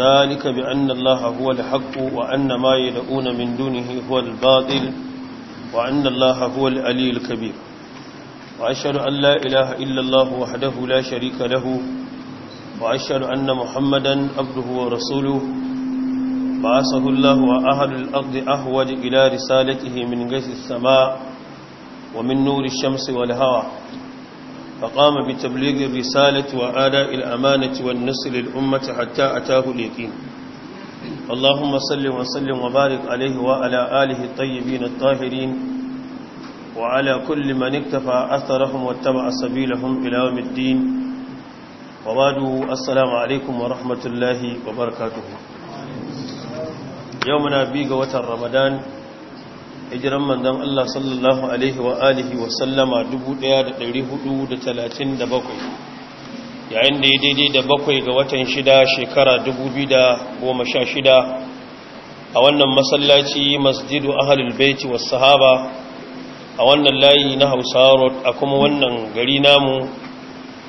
ذلك بأن الله هو الحق وأن ما يدعون من دونه هو الباطل وأن الله هو الألي الكبير وأشهد أن لا إله إلا الله وحده لا شريك له وأشهد أن محمدا عبده ورسوله بعثه الله وأهل الأرض أهود إلى رسالته من غيث السماء ومن نور الشمس والهواء فقام بتبليغ الرسالة وآداء الأمانة والنصر للأمة حتى أتاه اليقين اللهم صل وسلم وبارك عليه وعلى آله الطيبين الطاهرين وعلى كل من اكتفى أثرهم واتبع سبيلهم إلى يوم الدين وبعده السلام عليكم ورحمة الله وبركاته يومنا بيغ وتر رمضان hijiran manzon Allah sallallahu alaihi wa alihi wa sallama 1437 yayin da ya daidai da bakwai ga watan shida shekara da goma sha shida. a wannan masallaci masjidu ahlul baiti was sahaba a wannan layi na Hausa road a kuma wannan gari namu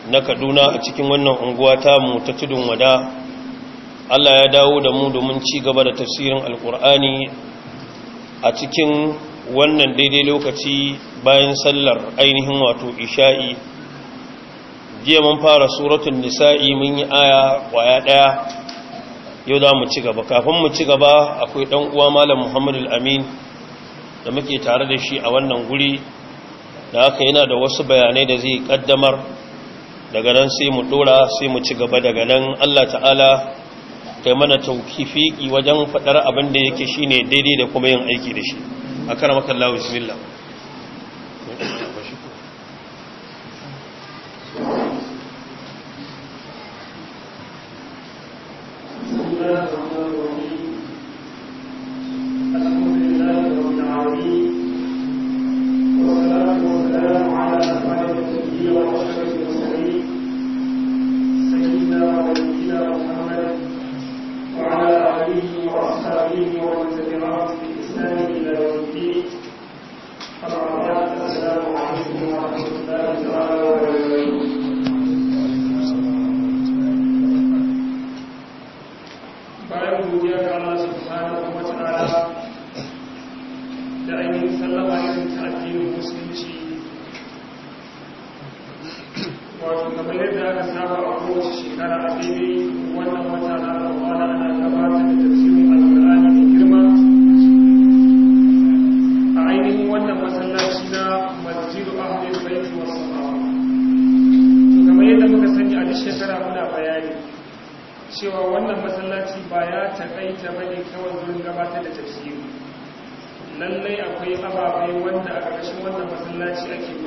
na Kaduna a cikin wannan unguwa mu ta tudun wada Allah ya dawo da mu domin ci gaba da tafsirin Alkur'ani a cikin wannan daidai lokaci bayan sallar ainihin wato isha'i jiya mun fara suratun nisa'i mun yi aya kwaya daya yau za mu ci gaba kafin mu ci gaba akwai dan uwa malam muhammadu amin da muke tare da shi a wannan guri da haka yana da wasu bayanai da zai kaddamar daga nan sai mu dora sai mu ci gaba daga nan allah ta'ala ta mana taukifiki wajen faɗar abin da yake shine daidai da kuma yin aiki da shi a maka lawa bismillah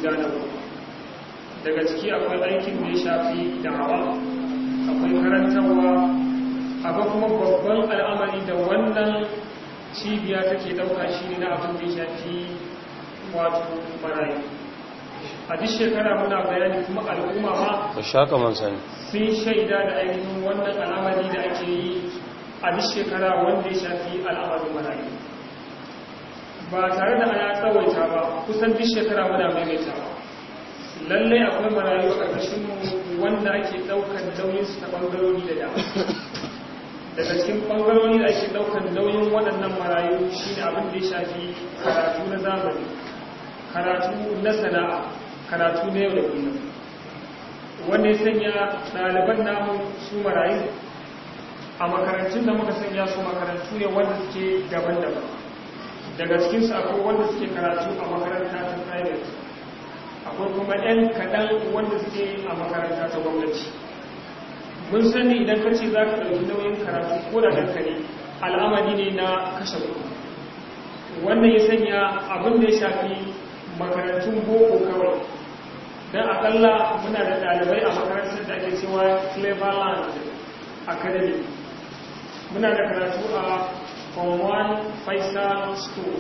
gane ba daga ciki akwai aikin da ya shafi da'awa akwai karantarwa akwai kuma babban al'amari da wannan cibiya take ɗauka shi ne na abin da ya shafi wato marayu a duk shekara muna bayani kuma al'umma ma da shaka man sun shaida da ainihin wannan al'amari da ake yi a duk shekara wanda ya shafi al'amarin marayu ba tare da ana tsawaita ba kusan duk shekara muna maimaita ba lallai akwai marayu a mu wanda ake ɗaukar nauyinsu ta ɓangarori da dama daga cikin ɓangarori da ake ɗaukar nauyin waɗannan marayu shi ne abin da ya shafi karatu na zamani karatu na sana'a karatu na yau da kullum wanda ya sanya ɗaliban namu su marayu a makarantun da muka sanya su makarantu ne wanda suke daban-daban daga su akwai wanda suke karatu a makaranta ta private akwai kuma ɗan kaɗan wanda suke a makaranta ta gwamnati mun sani idan ka ce za ka ɗauki nauyin karatu ko da dankali al'amari ne na kashe kuɗi wannan ya sanya abin da ya shafi makarantun boko kawai don akalla muna da ɗalibai a makarantar da ake cewa cleverland academy muna da karatu a form 1 faisal school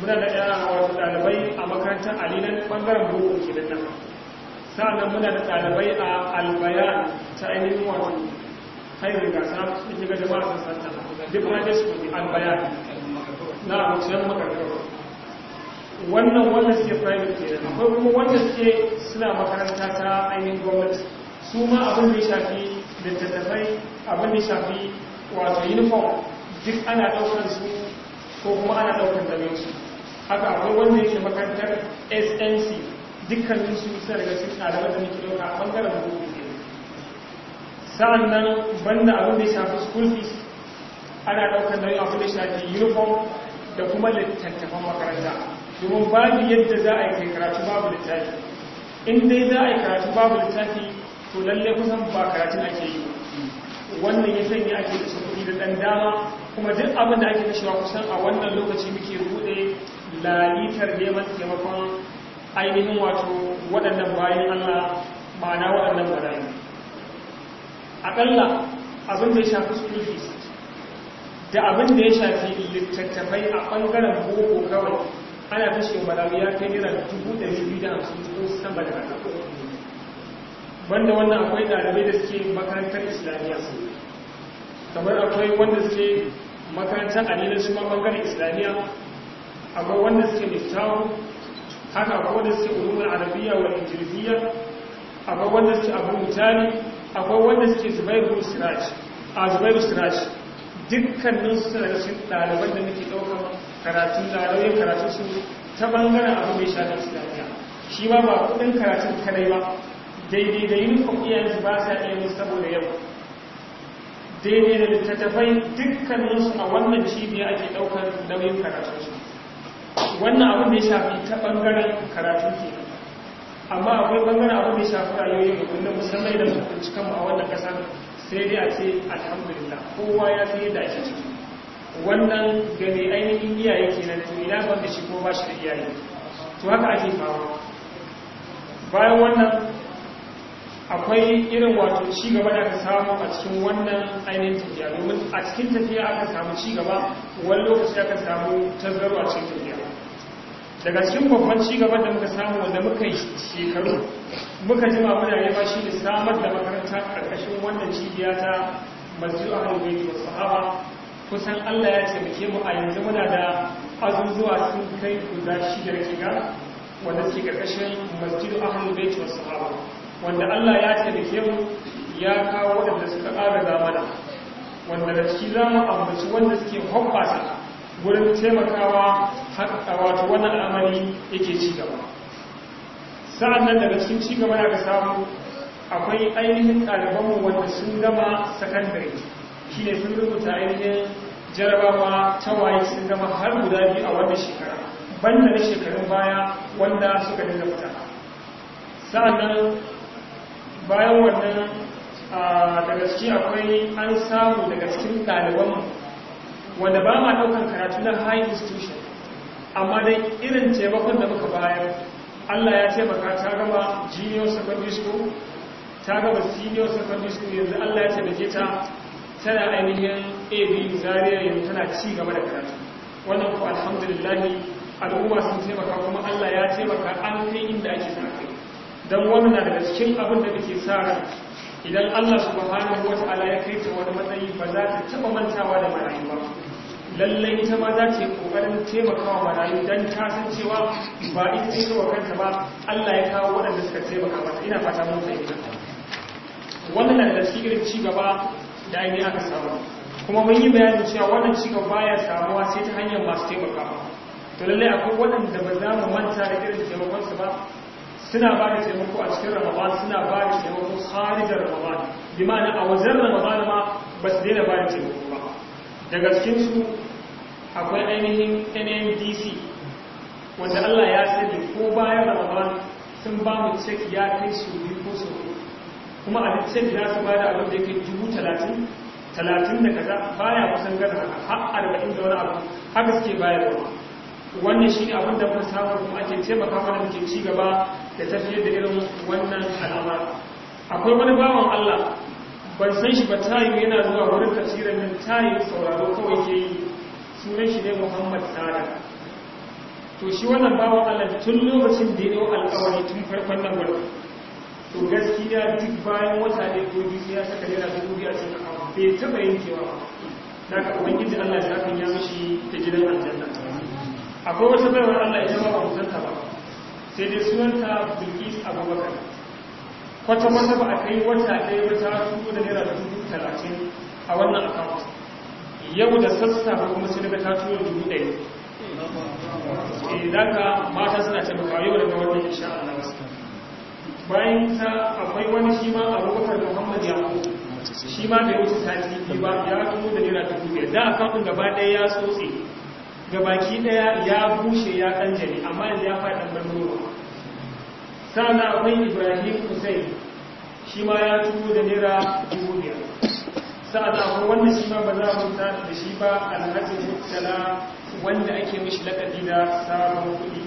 muna da ɗaya wata ɗalibai a makarantar alinan ɓangaren buku ke da nan sa'annan muna da ɗalibai a albayan ta ainihin wato ga gasa sun shiga jama'a sun santa duk ranar su ne albayan na abincin makarantar wannan wanda suke private ke akwai kuma wanda suke suna makaranta ta ainihin gwamnati su ma abin da ya shafi littattafai abin da ya shafi wato uniform duk ana ɗaukar su ko kuma ana ɗaukar zaman su haka akwai wanda yake makarantar snc dukkanin su suna daga cikin ɗaliban da muke ɗauka a ɓangaren boko ke sa'an nan banda abin da ya shafi school fees ana ɗaukar nauyin abin da ya shafi uniform da kuma littattafan makaranta domin babu yadda za a yi kai karatu babu littafi in dai za a yi karatu babu littafi to lallai kusan ba karatun ake yi wannan ya sanya ake da shi kuɗi da ɗan dama kuma duk abin da ake kashewa kusan a wannan lokaci muke bude lalitar neman taimakon ainihin wato waɗannan bayan Allah ma'ana waɗannan barayi aƙalla abin da ya shafi sulhis da abin da ya shafi littattafai a ɓangaren boko kawai ana kashe barayi ya kai nira dubu da biyu da hamsin ko ba da haka banda wannan akwai ɗalibai da suke makarantar islamiyya su kamar akwai wanda suke makarantar alilin su ma bangaren islamiyya akwai wanda suke littawun haka akwai wanda suke ulumul arabiya wa ingiliziya akwai wanda suke abu mutane akwai wanda suke zubairu siraj a zubairu siraj dukkanin su suna cikin ɗaliban da muke ɗaukar karatun ɗalibai karatun su ta bangaren abu mai shafin islamiyya shi ma ba kuɗin karatun kadai ba daidai da yin kwakwiyar ba sa iya saboda yau daidai da littattafai dukkaninsu a wannan cibiya ake ɗaukar nauyin karatunsu wannan abin da ya shafi ta ɓangaren karatu ke amma akwai ɓangaren abin da ya shafi rayuwa da kullum musamman da mutunci kanmu a wannan ƙasar sai dai a ce alhamdulillah kowa ya fi yadda ake ciki wannan ga ainihin iyaye kenan to ina ban da shi ko ba shi da iyaye to haka ake fama bayan wannan akwai irin wato ci gaba da aka samu a cikin wannan ainihin tafiya domin a cikin tafiya aka samu ci gaba wani lokaci aka samu tazaro a cikin tafiya daga cikin babban ci gaba da muka samu wanda muka yi shekaru muka ji jima muna yaba shi da samar da makaranta karkashin wannan cibiya ta masjidu ahlul bait wa sahaba kusan Allah ya taimake mu a yanzu muna da azuzuwa sun kai guda shida da kiga wanda ke karkashin masjidu ahlul bait wa sahaba wanda Allah ya ce da ke ya kawo waɗanda suka ƙara zamana wanda da ciki za mu ambaci wanda suke hoppasa wurin taimakawa haka wato wannan al'amari yake ci gaba sa'an nan daga cikin ci gaba da samu akwai ainihin ɗalibanmu wanda sun gama sakandare shi ne sun rubuta ainihin jarabawa ta waye sun gama har guda biyu a wannan shekara banda na shekarun baya wanda suka dinga fita sa'an nan bayan wannan daga ciki akwai an samu daga cikin ɗaliban wanda ba ma ɗaukan karatu na high institution amma dai irin taimakon da muka bayar allah ya taimaka ta gaba junior secondary school ta gaba senior secondary school yanzu allah ya taimake ta tana ainihin ab zaria yanzu tana ci gaba da karatu wannan ku alhamdulillahi al'umma sun taimaka kuma allah ya taimaka an kai inda ake sana don wani na daga cikin abin da muke tsara, idan Allah wata ala ya kai ta wani matsayi ba za ta taba mantawa da marayu ba lallai ta ma za ta yi kokarin taimakawa marayu don ta san cewa ba ita ce wa kanta ba Allah ya kawo waɗanda suka taimaka mata ina fata mun fahimta wannan na da cikin ci gaba da ainihin aka samu kuma mun yi bayanin cewa wannan ci gaba baya samuwa sai ta hanyar masu taimakawa to lallai akwai waɗanda ba za mu manta da irin taimakonsu ba suna ba da taimako a cikin ramadan suna ba da taimako kharijar ramadan bi a wajen ramadan ma ba su daina ba da taimako ba daga cikin su akwai ainihin NNDC wanda Allah ya sani ko bayan ramadan sun ba mu cek ya kai su biyu ko su kuma a cikin ya su ba da abin da yake dubu talatin talatin da kaza baya kusan gaza har arba'in da wani abu haka suke bayarwa wannan shi ne abin da muka samu kuma ake taimaka mana muke ci gaba da tafiyar da irin wannan al'amar akwai wani bawan Allah ban san shi ba tayo yana zuwa wurin tafsirin nan tayo sauraro kawai ke yi sunan shi ne Muhammad Sada to shi wannan bawan Allah tun lokacin da ya alƙawari tun farkon nan wani to gaskiya duk bayan wata ne ko biyu ya saka naira dubu biyu a cikin bai taɓa yankewa ba da ka ubangiji Allah ya kan ya mashi ta gidan aljanna akwai wata baiwar Allah ita ba mutanta ba sai dai sunanta Bilkis Abubakar kwata wata ba a kai wata ɗaya yi ta tuku da naira dubu talatin a wannan account yau da sassa ba kuma sai daga ta tuwo dubu ɗaya idan eh, ka mata suna taimaka yau daga wannan insha Allah bayan ta akwai wani shi ma Abubakar Muhammad ya shi ma da yau ta sati ba ya tuku da naira dubu ɗaya da account gaba ɗaya ya tsotse baki daya ya bushe ya kanjani amma yanzu ya faɗa ɓarnuwa sana akwai ibrahim hussein shi ma ya tuwo da naira dubu biyar sa'ada akwai wanda shi ma ba za mu ta da shi ba alhaji murtala wanda ake mishi lakabi da sabon kuɗi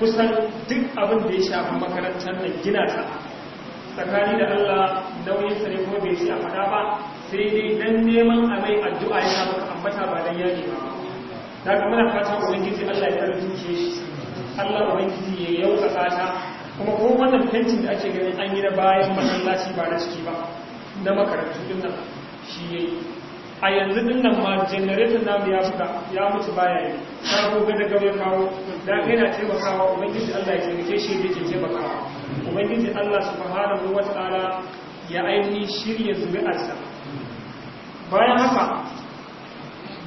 kusan duk abin da ya shafi makarantar da gina ta tsakani da allah nauyin sa ne ko bai ci a faɗa ba sai dai dan neman a mai addu'a ya ambata ba dan yaƙi ba da ga muna fatan ubangiji Allah ya karfafe shi Allah ubangiji ya yauka fata kuma ko wannan fenti da ake ganin an yi na bayan masallaci ba na ciki ba na makarantu din nan shi yayi a yanzu din nan ma generator namu ya fuka ya mutu baya yi ta gobe da gaba ya kawo da yana taimakawa ubangiji Allah ya taimake shi da ke taimakawa ubangiji Allah subhanahu wataala ya aini shirya zuri'arsa bayan haka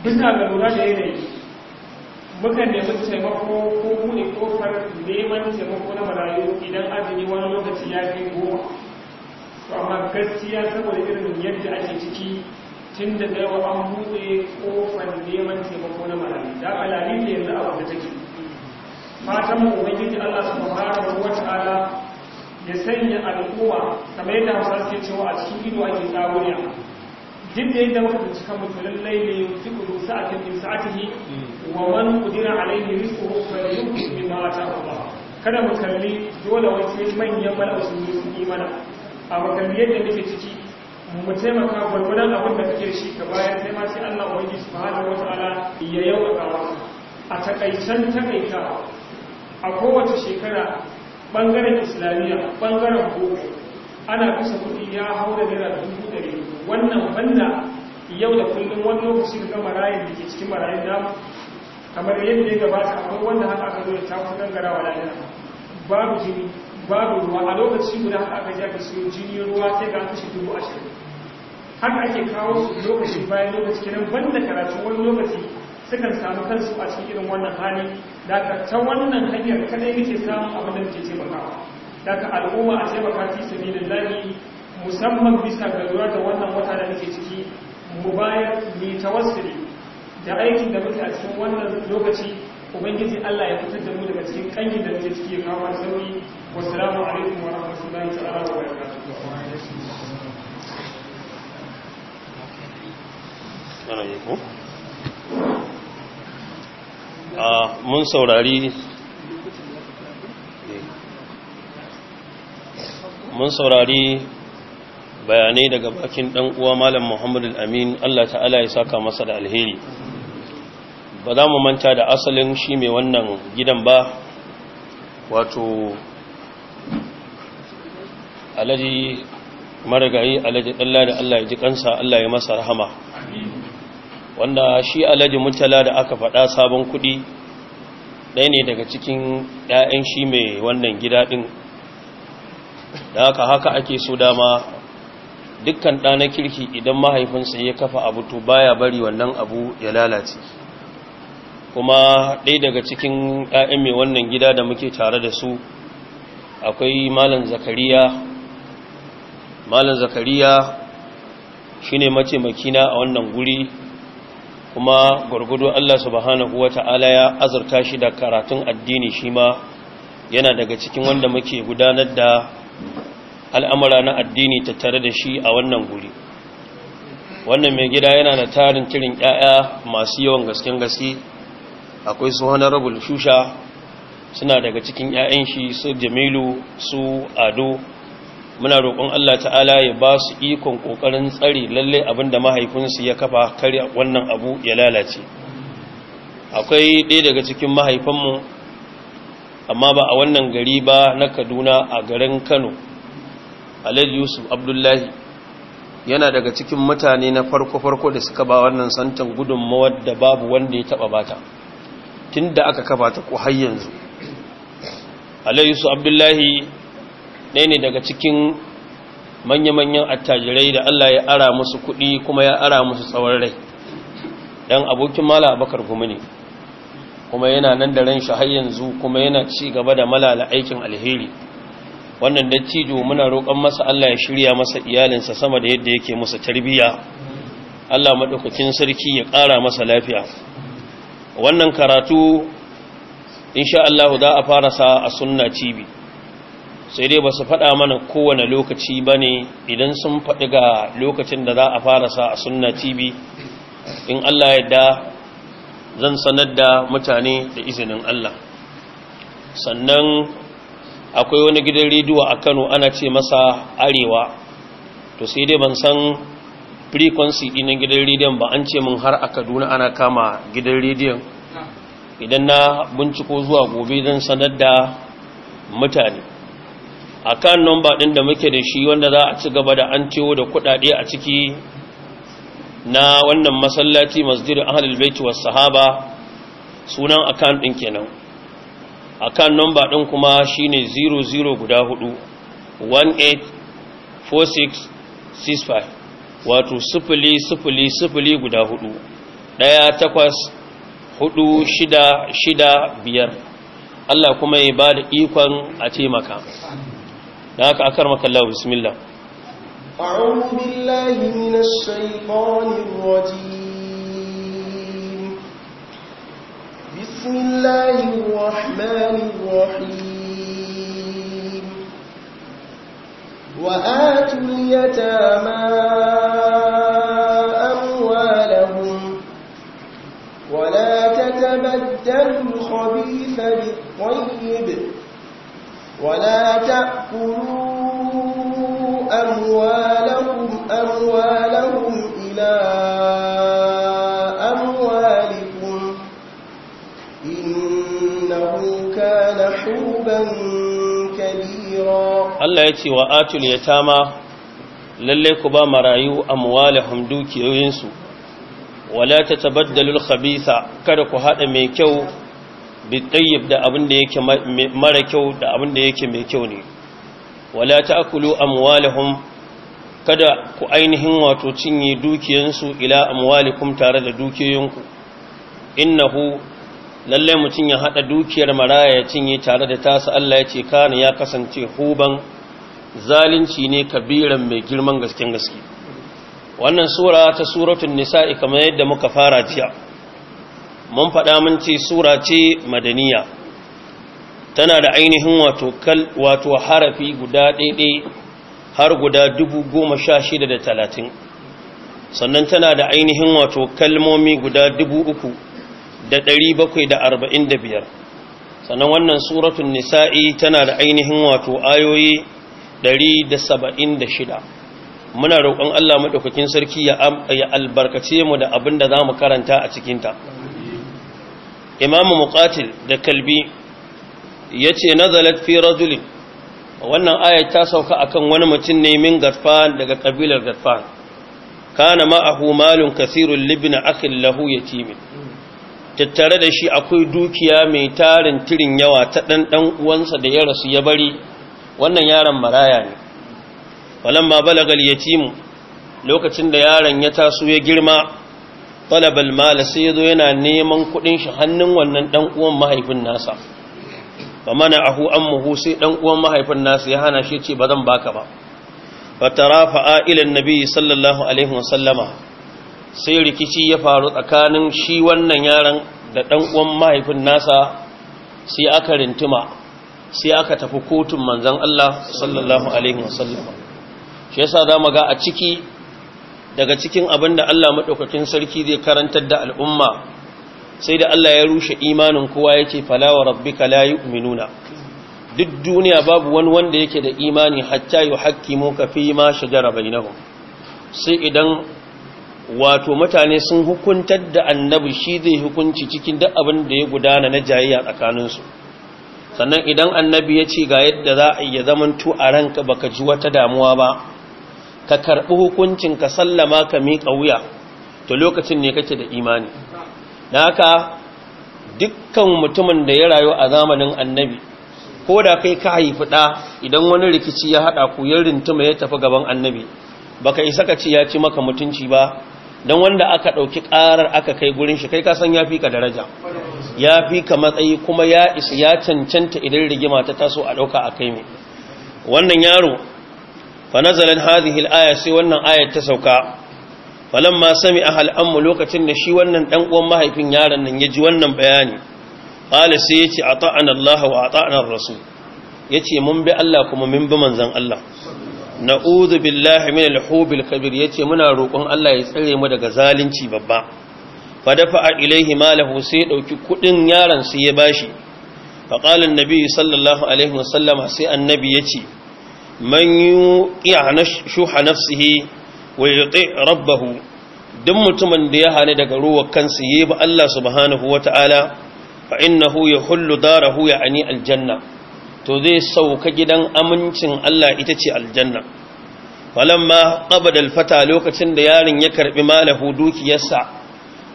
bisa ga lura da yanayi mukan nemi taimako ko buɗe kofar neman taimako na marayu idan azumi wani lokaci ya kai goma to amma gaskiya saboda irin yadda ake ciki tun da yawa an buɗe kofar neman taimako na marayu da alalin da yanzu abu da take fatan mu ubangiji Allah subhanahu ta'ala ya sanya al'umma kamar yadda Hausa suke cewa a cikin ido ake ne duk da yadda muka tunci kan mutu lallai ne yusi kudu sa'atin min sa'atihi hmm. wa man qudira alayhi rizquhu falyunfiq mimma ataahu Allah kada mu kalli dole wace manyan mala'usun sun yi mana a makalli yadda muke ciki mu taimaka gwargwadon abin da kake shi ka bayan sai ma sai Allah ubangi subhanahu wataala ya yawa wasu a takaicen takaita a kowace shekara bangaren islamiyya bangaren boko ana kusa kuɗi ya hau da naira dubu ɗari wannan banda yau da kullum wani lokaci ga marayin da ke cikin marayin da, kamar yadda ya gabata akwai wanda haka aka zo da ta gangara wa lalata babu jini babu ruwa a lokaci guda haka aka ja ka siyo jini ruwa sai ga kashe dubu ashirin haka ake kawo su lokaci bayan lokaci kenan banda karatu wani lokaci sukan samu kansu a cikin irin wannan hali da ta wannan hanyar kadai muke samun abin da muke taimakawa daga al'umma a taimaka fi sabilillahi musamman bisa ga lura da wannan wata da nake ciki mu bayar wasu ne da aikin da muke a cikin wannan lokaci ubangiji Allah ya fitar da mu daga cikin kanyi da muke ciki ya kawo sauri wassalamu alaikum wa rahmatullahi ta'ala wa barakatuh ah, mun saurari mun saurari bayanai daga bakin dan uwa malam Muhammadu amin Allah ta'ala ya saka masa da alheri ba za mu manta da asalin shi mai wannan gidan ba wato alaji marigayi alaji Allah da Allah ya ji kansa Allah ya masa rahama wanda shi alaji mutala da aka faɗa sabon kuɗi ɗaya ne daga cikin 'ya'yan shi mai wannan gida ɗin da haka haka ake so dama dukkan ɗana kirki idan mahaifinsa ya kafa abu to baya bari wannan abu ya lalace kuma ɗaya daga cikin 'ya'yan mai wannan gida da muke tare da su akwai malam zakariya malam zakariya shine mataimakina a wannan guri kuma gwargwado Allah subhanahu Ta'ala ya azurta shi da karatun addini shi ma yana daga cikin wanda muke gudanar da al'amura na addini ta tare da shi a wannan guri wannan mai gida yana da tarin kirin 'ya'ya masu yawan gasken gaske akwai su honorable shusha suna daga cikin 'ya'yan shi su jamilu su ado muna roƙon Allah ta'ala ya ba su ikon ƙoƙarin tsari lalle da mahaifinsu ya kafa kar wannan abu ya lalace akwai ɗaya daga cikin mahaifinmu amma ba a wannan gari ba na kaduna a garin kano alhaji yusuf abdullahi yana daga cikin mutane na farko-farko da suka ba wannan santan gudunmawar da babu wanda ya taba bata tun da aka kafa ta ko har yanzu alhaji yusuf abdullahi ɗaya ne daga cikin manya-manyan attajirai da allah ya ara musu kuɗi kuma ya ara musu tsawon rai ɗan abokin mala abakar gumi ne kuma yana nan da ran shi har yanzu kuma yana ci gaba da malala aikin alheri wannan dattijo muna roƙon masa Allah ya shirya masa iyalinsa sama da yadda yake masa tarbiyya Allah madaukakin sarki ya ƙara masa lafiya wannan karatu insha Allah za a fara sa a sunna TV sai dai ba su faɗa mana kowane lokaci ba ne idan sun faɗi ga lokacin da za a fara sa a sunna TV in Allah ya da zan sanar da mutane da izinin Allah sannan akwai wani gidan rediyo a kano ana ce masa arewa to sai dai ban san frequency ɗinan gidan rediyon ba an ce min har a kaduna ana kama gidan rediyon idan na binciko zuwa gobe zan sanar da mutane a kan nomba ɗin da muke da shi wanda za a ci gaba da an ciwo da kuɗaɗe a ciki na wannan masallaci masjid ahlul baiti was sahaba sunan akan ɗin kenan akan number ɗin kuma shine 00 guda 4 184665 wato 0000 guda 4 ɗaya takwas hudu shida shida biyar Allah kuma ya ba da ikon a taimaka da haka akar makallawa bismillah a'udhu billahi minash بسم الله الرحمن الرحيم وآتوا اليتامى أموالهم ولا تتبدلوا الخبيث بالطيب ولا تأكلوا أموالهم أموالهم إلى Allah ya ce wa atul ya tama lalle ku ba marayu amwalahum dukiyoyinsu wala ta al-khabitha kada ku hada mai kyau bi tayyib da abin da yake mara kyau da abin da yake mai kyau ne wala ta Akulu a amwalahum kada ku ainihin wato cinye dukiyansu ila amwalikum tare da dukiyanku innahu lallai mutum ya haɗa dukiyar maraya ya cinye tare da tasa Allah ya ce kana ya kasance huban zalunci ne kabiran mai girman gasken gaske wannan sura ta suratul nisa'i kamar yadda muka fara jiya mun faɗa mun ce sura ce madaniya tana da ainihin wato kal wato harafi guda ɗaiɗai har guda dubu goma sha shida da talatin sannan tana da ainihin wato kalmomi guda dubu uku da ɗari bakwai da arba'in da biyar sannan wannan suratun nisa'i tana da ainihin wato ayoyi ɗari da saba'in da shida muna roƙon allah maɗaukakin sarki ya albarkace mu da abin da za mu karanta a cikinta imamu muƙatil da kalbi ya ce nazalat fi rajulin wannan ayat ta sauka akan wani mutum ne min daga ƙabilar gafan kana ma'ahu malun kasirun libna akhin lahu yatimin tattare da shi akwai dukiya mai tarin tirin yawa ta ɗanɗan uwansa da ya rasu ya bari wannan yaron maraya ne walan ma balagal timu lokacin da yaron ya taso ya girma talabal mala sai yazo yana neman kuɗin shi hannun wannan ɗan uwan mahaifin nasa Ba mana ahu muhu sai ɗan uwan mahaifin nasa ya hana shi ce ba zan baka ba fatarafa ila sallallahu alaihi wasallama sai rikici ya faru tsakanin shi wannan yaran da ɗan'uwan mahaifin nasa sai aka rintuma sai aka tafi kotun manzan. Allah sallallahu alaihi wasallam shi yasa zamu ga a ciki daga cikin abin da Allah maɗaukakin sarki zai karantar da al'umma sai da Allah ya rushe imanin kowa ce fala rabbi ka layi minuna duk duniya babu wani wanda yake da imani hatta mu ka fi ma shajara bainahum sai idan wato mutane sun hukuntar da annabi shi zai hukunci cikin duk abin da ya gudana na jayayya tsakaninsu sannan idan annabi ya ce ga yadda za a iya zaman tu a ranka baka ji wata damuwa ba ka karɓi hukuncin ka sallama ka miƙa wuya to lokacin ne kake da imani na haka dukkan mutumin da ya rayu a zamanin annabi ko da kai ka haifi ɗa idan wani rikici ya haɗa ku ya rintuma ya tafi gaban annabi baka isa ka ce ya ci maka mutunci ba don wanda aka ɗauki ƙarar aka kai gurin shi kai kasan ya fi ka daraja ya fi ka matsayi kuma ya isa ya cancanta idan rigima ta taso a ɗauka a kai mai wannan yaro fa hazihil hadhihi aya sai wannan ayar ta sauka ma sami ahal ammu lokacin da shi wannan ɗan uwan mahaifin yaron nan ya ji wannan bayani qala sai yace ata'ana Allah wa ata'ana rasul yace mun bi Allah kuma mun bi manzon Allah na'udhu billahi min al kabir yace muna roƙon Allah ya tsare mu daga zalunci babba fa dafa ilaihi malahu sai dauki kudin yaron sai ya bashi fa qala an sallallahu alaihi wasallam sai annabi yace man yuqi'a shuha nafsihi wa yuti rabbahu duk mutumin da ya hane daga ruwa kansa yayi ba Allah subhanahu wata'ala fa innahu yahullu darahu ya'ani aljanna to zai sauka gidan amincin Allah ita ce aljanna falamma qabada alfata lokacin da yarin ya karbi malahu dukiyarsa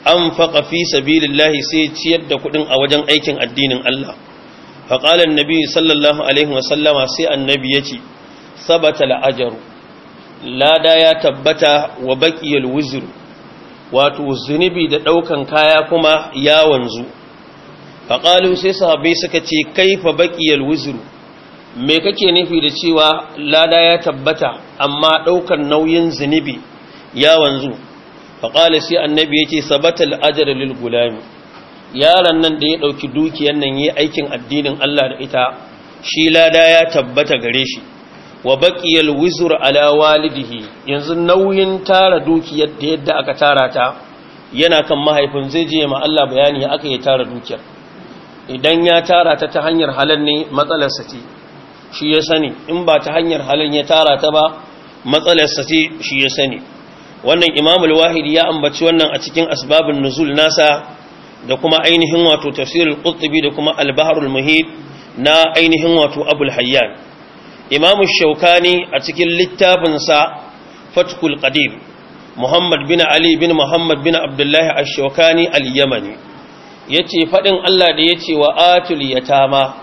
an faqa fi sabilillahi sai ciyar da kudin a wajen aikin addinin Allah fa qala annabi sallallahu alaihi wa sallama sai annabi yace sabata al'ajaru lada ya tabbata wa baqiyal wuzru wato zunubi da daukan kaya kuma ya wanzu faƙalu sai haɓe suka ce kai fa baƙiyar wuzuru me kake nufi da cewa lada ya tabbata amma ɗaukar nauyin zunubi ya wanzu faƙalu sai annabi ya ce sabatal ajar lulgulami gulami yaron nan da ya ɗauki dukiyar nan ya aikin addinin allah da ita shi lada ya tabbata gare shi wa baƙiyar wuzuru ala walidihi yanzu nauyin tara dukiyar da yadda aka tara ta yana kan mahaifin zai je ma allah bayani aka yi tara dukiyar idan ya tara ta ta hanyar halal ne matsalarsa ce shi ya sani in ba ta hanyar halal ya tara ta ba matsalarsa ce shi ya sani wannan imamul wahidi ya ambaci wannan a cikin asbabun nuzul nasa da kuma ainihin wato tafsirul qurtubi da kuma albaharul muhid na ainihin wato abul hayyan imamu shaukani a cikin littafinsa fatkul qadir muhammad bin ali bin muhammad bin abdullahi ash-shaukani al-yamani ya ce faɗin Allah da ya ce wa atul yatama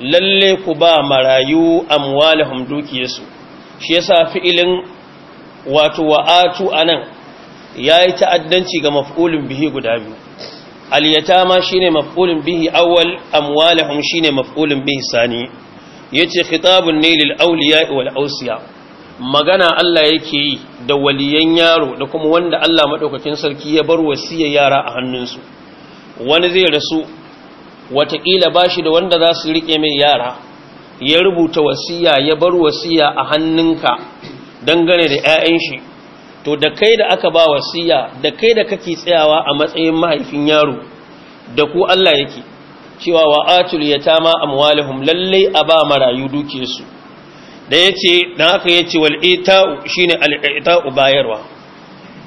lalle ku ba marayu amwalahum dukiyarsu shi yasa fi'ilin wato wa atu anan yayi ta'addanci ga maf'ulun bihi guda biyu al yatama shine maf'ulun bihi awwal amwalahum shine maf'ulun bihi sani yace khitabun ne lil awliya wal awsiya magana Allah yake yi da waliyan yaro da kuma wanda Allah madaukakin sarki ya bar wasiya yara a hannunsu wani zai rasu wataƙila ba shi da wanda za su riƙe mai yara ya rubuta wasiya ya bar wasiya a hannunka dangane da 'ya'yan shi to da kai da aka ba wasiya da kai da kake tsayawa a matsayin mahaifin yaro da ku Allah yake cewa wa atul yatama amwalihum lallai a ba marayu duke su da yace dan haka yace wal ita'u shine al ita'u bayarwa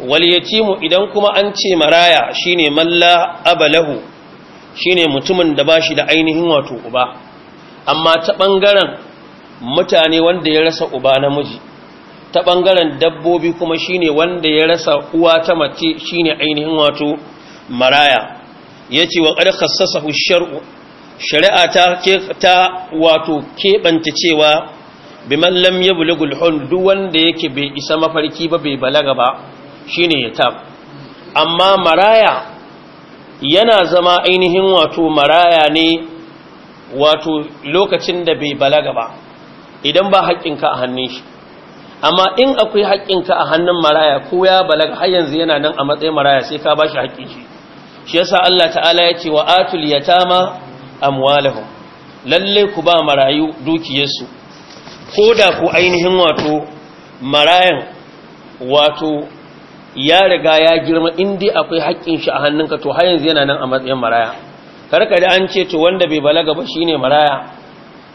wal mu idan kuma an ce maraya shine malla abalahu shine mutumin da bashi da ainihin wato uba amma ta bangaren mutane wanda ya rasa uba namiji ta bangaren dabbobi kuma shine wanda ya rasa uwa ta mace shine ainihin wato maraya yace wa qad khassasahu shar'u shari'a ta ta wato kebanta cewa biman lam yablughul al duk wanda yake bai isa mafarki ba bai balaga ba shine yatab amma maraya yana zama ainihin wato maraya ne wato lokacin da bai balaga ba idan ba haƙƙinka a hannun shi amma in akwai haƙƙinka a hannun maraya ko ya balaga har yanzu yana nan a matsayin maraya sai ka bashi haƙƙin shi shi yasa Allah ta'ala ya ce wa atul yatama amwalahum lalle ku ba marayu dukiyarsu ko da ku ainihin wato marayan wato ya riga ya girma in dai akwai haƙƙin shi a hannunka to har yanzu yana nan a matsayin maraya karka da an ce to wanda bai balaga ba shine maraya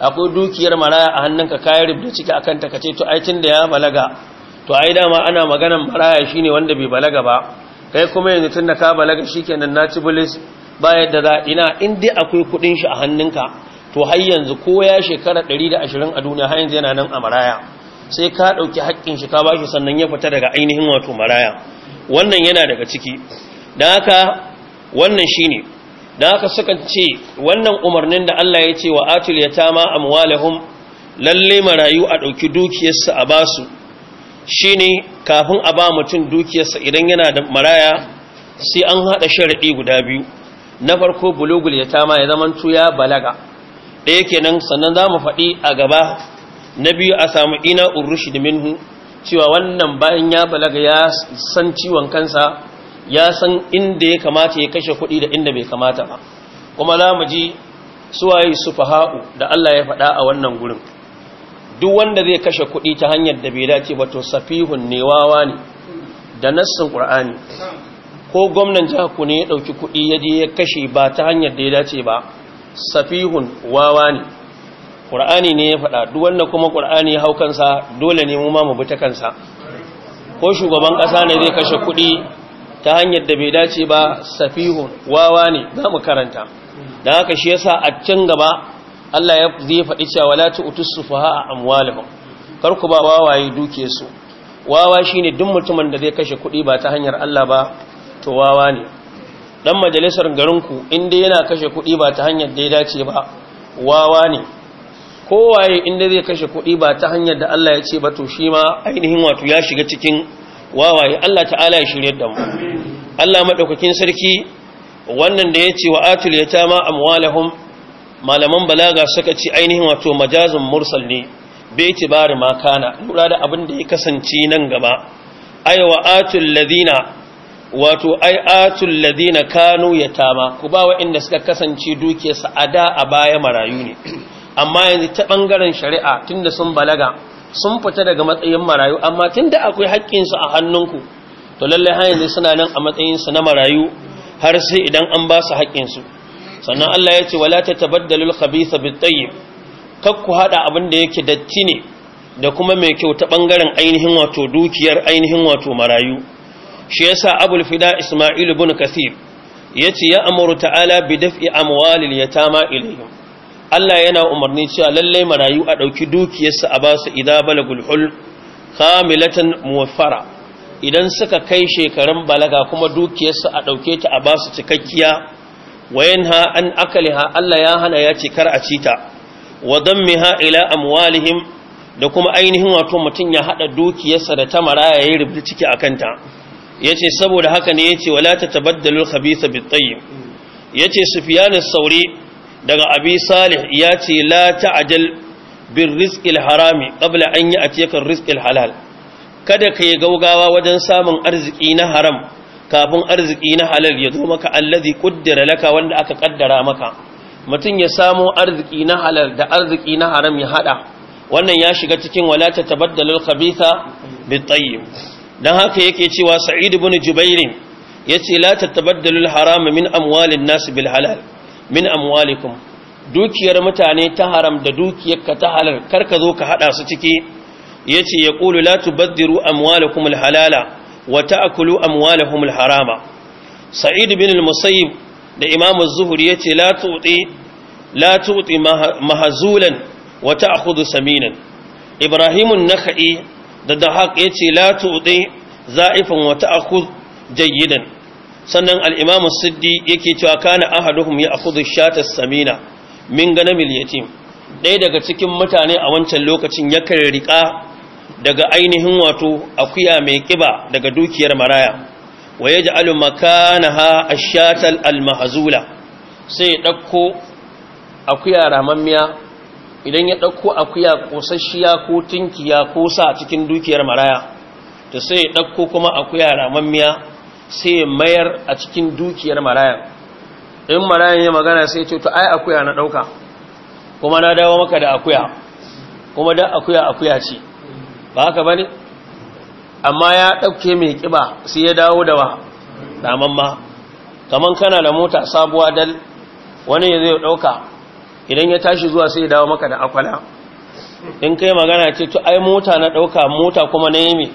akwai dukiyar maraya a hannunka kayi rubda ciki akan ta kace to ai tun da ya balaga to ai dama ana maganar maraya shine wanda bai balaga ba kai kuma yanzu tun da ka balaga shikenan na ci bulis ba yadda za ina in dai akwai kuɗin shi a hannunka to har yanzu ko ya shekara 120 a duniya har yanzu yana nan a maraya sai ka ɗauki hakkin shi ka bashi sannan ya fita daga ainihin wato maraya wannan yana daga ciki don haka wannan shi ne don haka suka ce wannan umarnin da Allah ya ce wa atul ya tama amwalahum lalle marayu a ɗauki dukiyarsa a basu shi ne kafin a ba mutum dukiyarsa idan yana da maraya sai an haɗa sharaɗi guda biyu na farko bulugul ya tama ya zamantu ya balaga ɗaya kenan sannan za mu faɗi a gaba na biyu a samu ina urushi da minhu cewa wannan bayan ya balaga ya san ciwon kansa ya san inda ya kamata ya kashe kuɗi da inda bai kamata ba kuma za mu ji suwaye su faha'u da Allah ya faɗa a wannan gurin duk wanda zai kashe kuɗi ta hanyar da bai dace ba to safihun ne wawa ne da nassin ƙur'ani ko gwamnan jihar ne ya ɗauki kuɗi ya je ya kashe ba ta hanyar da ya dace ba safihun wawa ne ƙur'ani ne ya faɗa duk wanda kuma ƙur'ani ya hau kansa dole ne mu ma mu bi ta kansa ko shugaban ƙasa ne zai kashe kuɗi ta hanyar da bai dace ba safihun wawa ne za mu karanta Da haka shi yasa a can gaba Allah ya zai faɗi cewa wala tu tu'tus sufaha amwalihum kar ku ba wawaye duke su wawa shine duk mutumin da zai kashe kuɗi ba ta hanyar Allah ba to wawa ne dan majalisar garinku in dai yana kashe kuɗi ba ta hanyar da ya dace ba wawa ne kowaye inda zai kashe kuɗi ba ta hanyar da Allah ya ce ba to shi ma ainihin wato ya shiga cikin wawaye Allah ta'ala ya shirye da mu Allah madaukakin sarki wannan da ya ce wa atul yatama amwalahum malaman balaga suka ce ainihin wato majazun mursal ne bai ci bari ma kana lura da abin da ya kasance nan gaba ay wa atul ladina wato ay atul ladina kanu yatama ku ba wa inda suka kasance dukiyarsa ada a baya marayu ne amma yanzu ta ɓangaren shari'a tunda sun balaga sun fita daga matsayin marayu amma tunda akwai haƙƙinsu a hannunku to lallai har yanzu suna nan a matsayinsu na marayu har sai idan an ba su haƙƙinsu sannan Allah ya ce wala ta al-khabitha bit-tayyib kak hada abin da yake datti ne da kuma mai kyau ta ɓangaren ainihin wato dukiyar ainihin wato marayu shi yasa Abul Fida Isma'il ibn Kathir yace ya amuru ta'ala bi daf'i amwalil yatama ilayhim Allah yana umarni cewa lallai marayu a ɗauki dukiyarsa a basu idza balagul hul kamilatan muwaffara idan suka kai shekarun balaga kuma dukiyarsa a ɗauke ta a basu cikakkiya Wayan ha an ha Allah ya hana ya ce kar a ci ta wa dammiha ila amwalihim da kuma ainihin wato mutun ya hada dukiyarsa da ta maraya yayin rubuta ciki akan ta yace saboda haka ne yace wala tatabaddalu al-khabitha bit-tayyib yace sufyan as-sauri daga abi salih ya ce la ta'jal bin rizqil harami ƙabla an ya'tiyaka rizqil halal kada yi gaugawa wajen samun arziki na haram kafin arziki na halal ya zo maka allazi qaddara laka wanda aka kaddara maka mutum ya samu arziki na halal da arziki na haram ya hada wannan ya shiga cikin wala tatabaddalul khabitha bit tayyib dan haka yake cewa sa'id ibn jubair yace la tatabaddalul harama min amwalin nas bil halal min amwalikum dukiyar mutane ta haram da dukiyarka ta halal ka zo ka hada su ciki yace yaqulu la tubaddiru amwalakum alhalala wa ta'kulu amwalahum alharama sa'id bin al-musayyib da imam az-zuhri yace la tu'ti la tu'ti mahzulan wa ta'khudhu saminan ibrahim an-nakhai da dahaq yace la tu'ti za'ifan wa ta'khudh jayyidan sannan al’imamu siddi yake cewa kana a kudu Shatar samina min ganamil yatim ɗaya daga cikin mutane a wancan lokacin ya yakan riƙa daga ainihin wato akuya mai ƙiba daga dukiyar maraya wa ya ha a shatar almahazula sai ya ɗauko akuya ramammiya idan ya ɗauko akuya kosasshiya ko tinkiya ko sa cikin dukiyar maraya to sai ya ɗauko kuma akuya ramammiya sai mayar a cikin dukiyar marayan in marayan ya magana sai ce to ai akuya na dauka kuma na dawo maka da akuya kuma da akuya akuya ce ba haka bane amma ya dauke mai kiba sai ya dawo da wa daman ma kaman kana da mota sabuwa dal wani ya zai dauka idan ya tashi zuwa sai ya dawo maka da akwala in kai magana ce to ai mota na dauka mota kuma na yi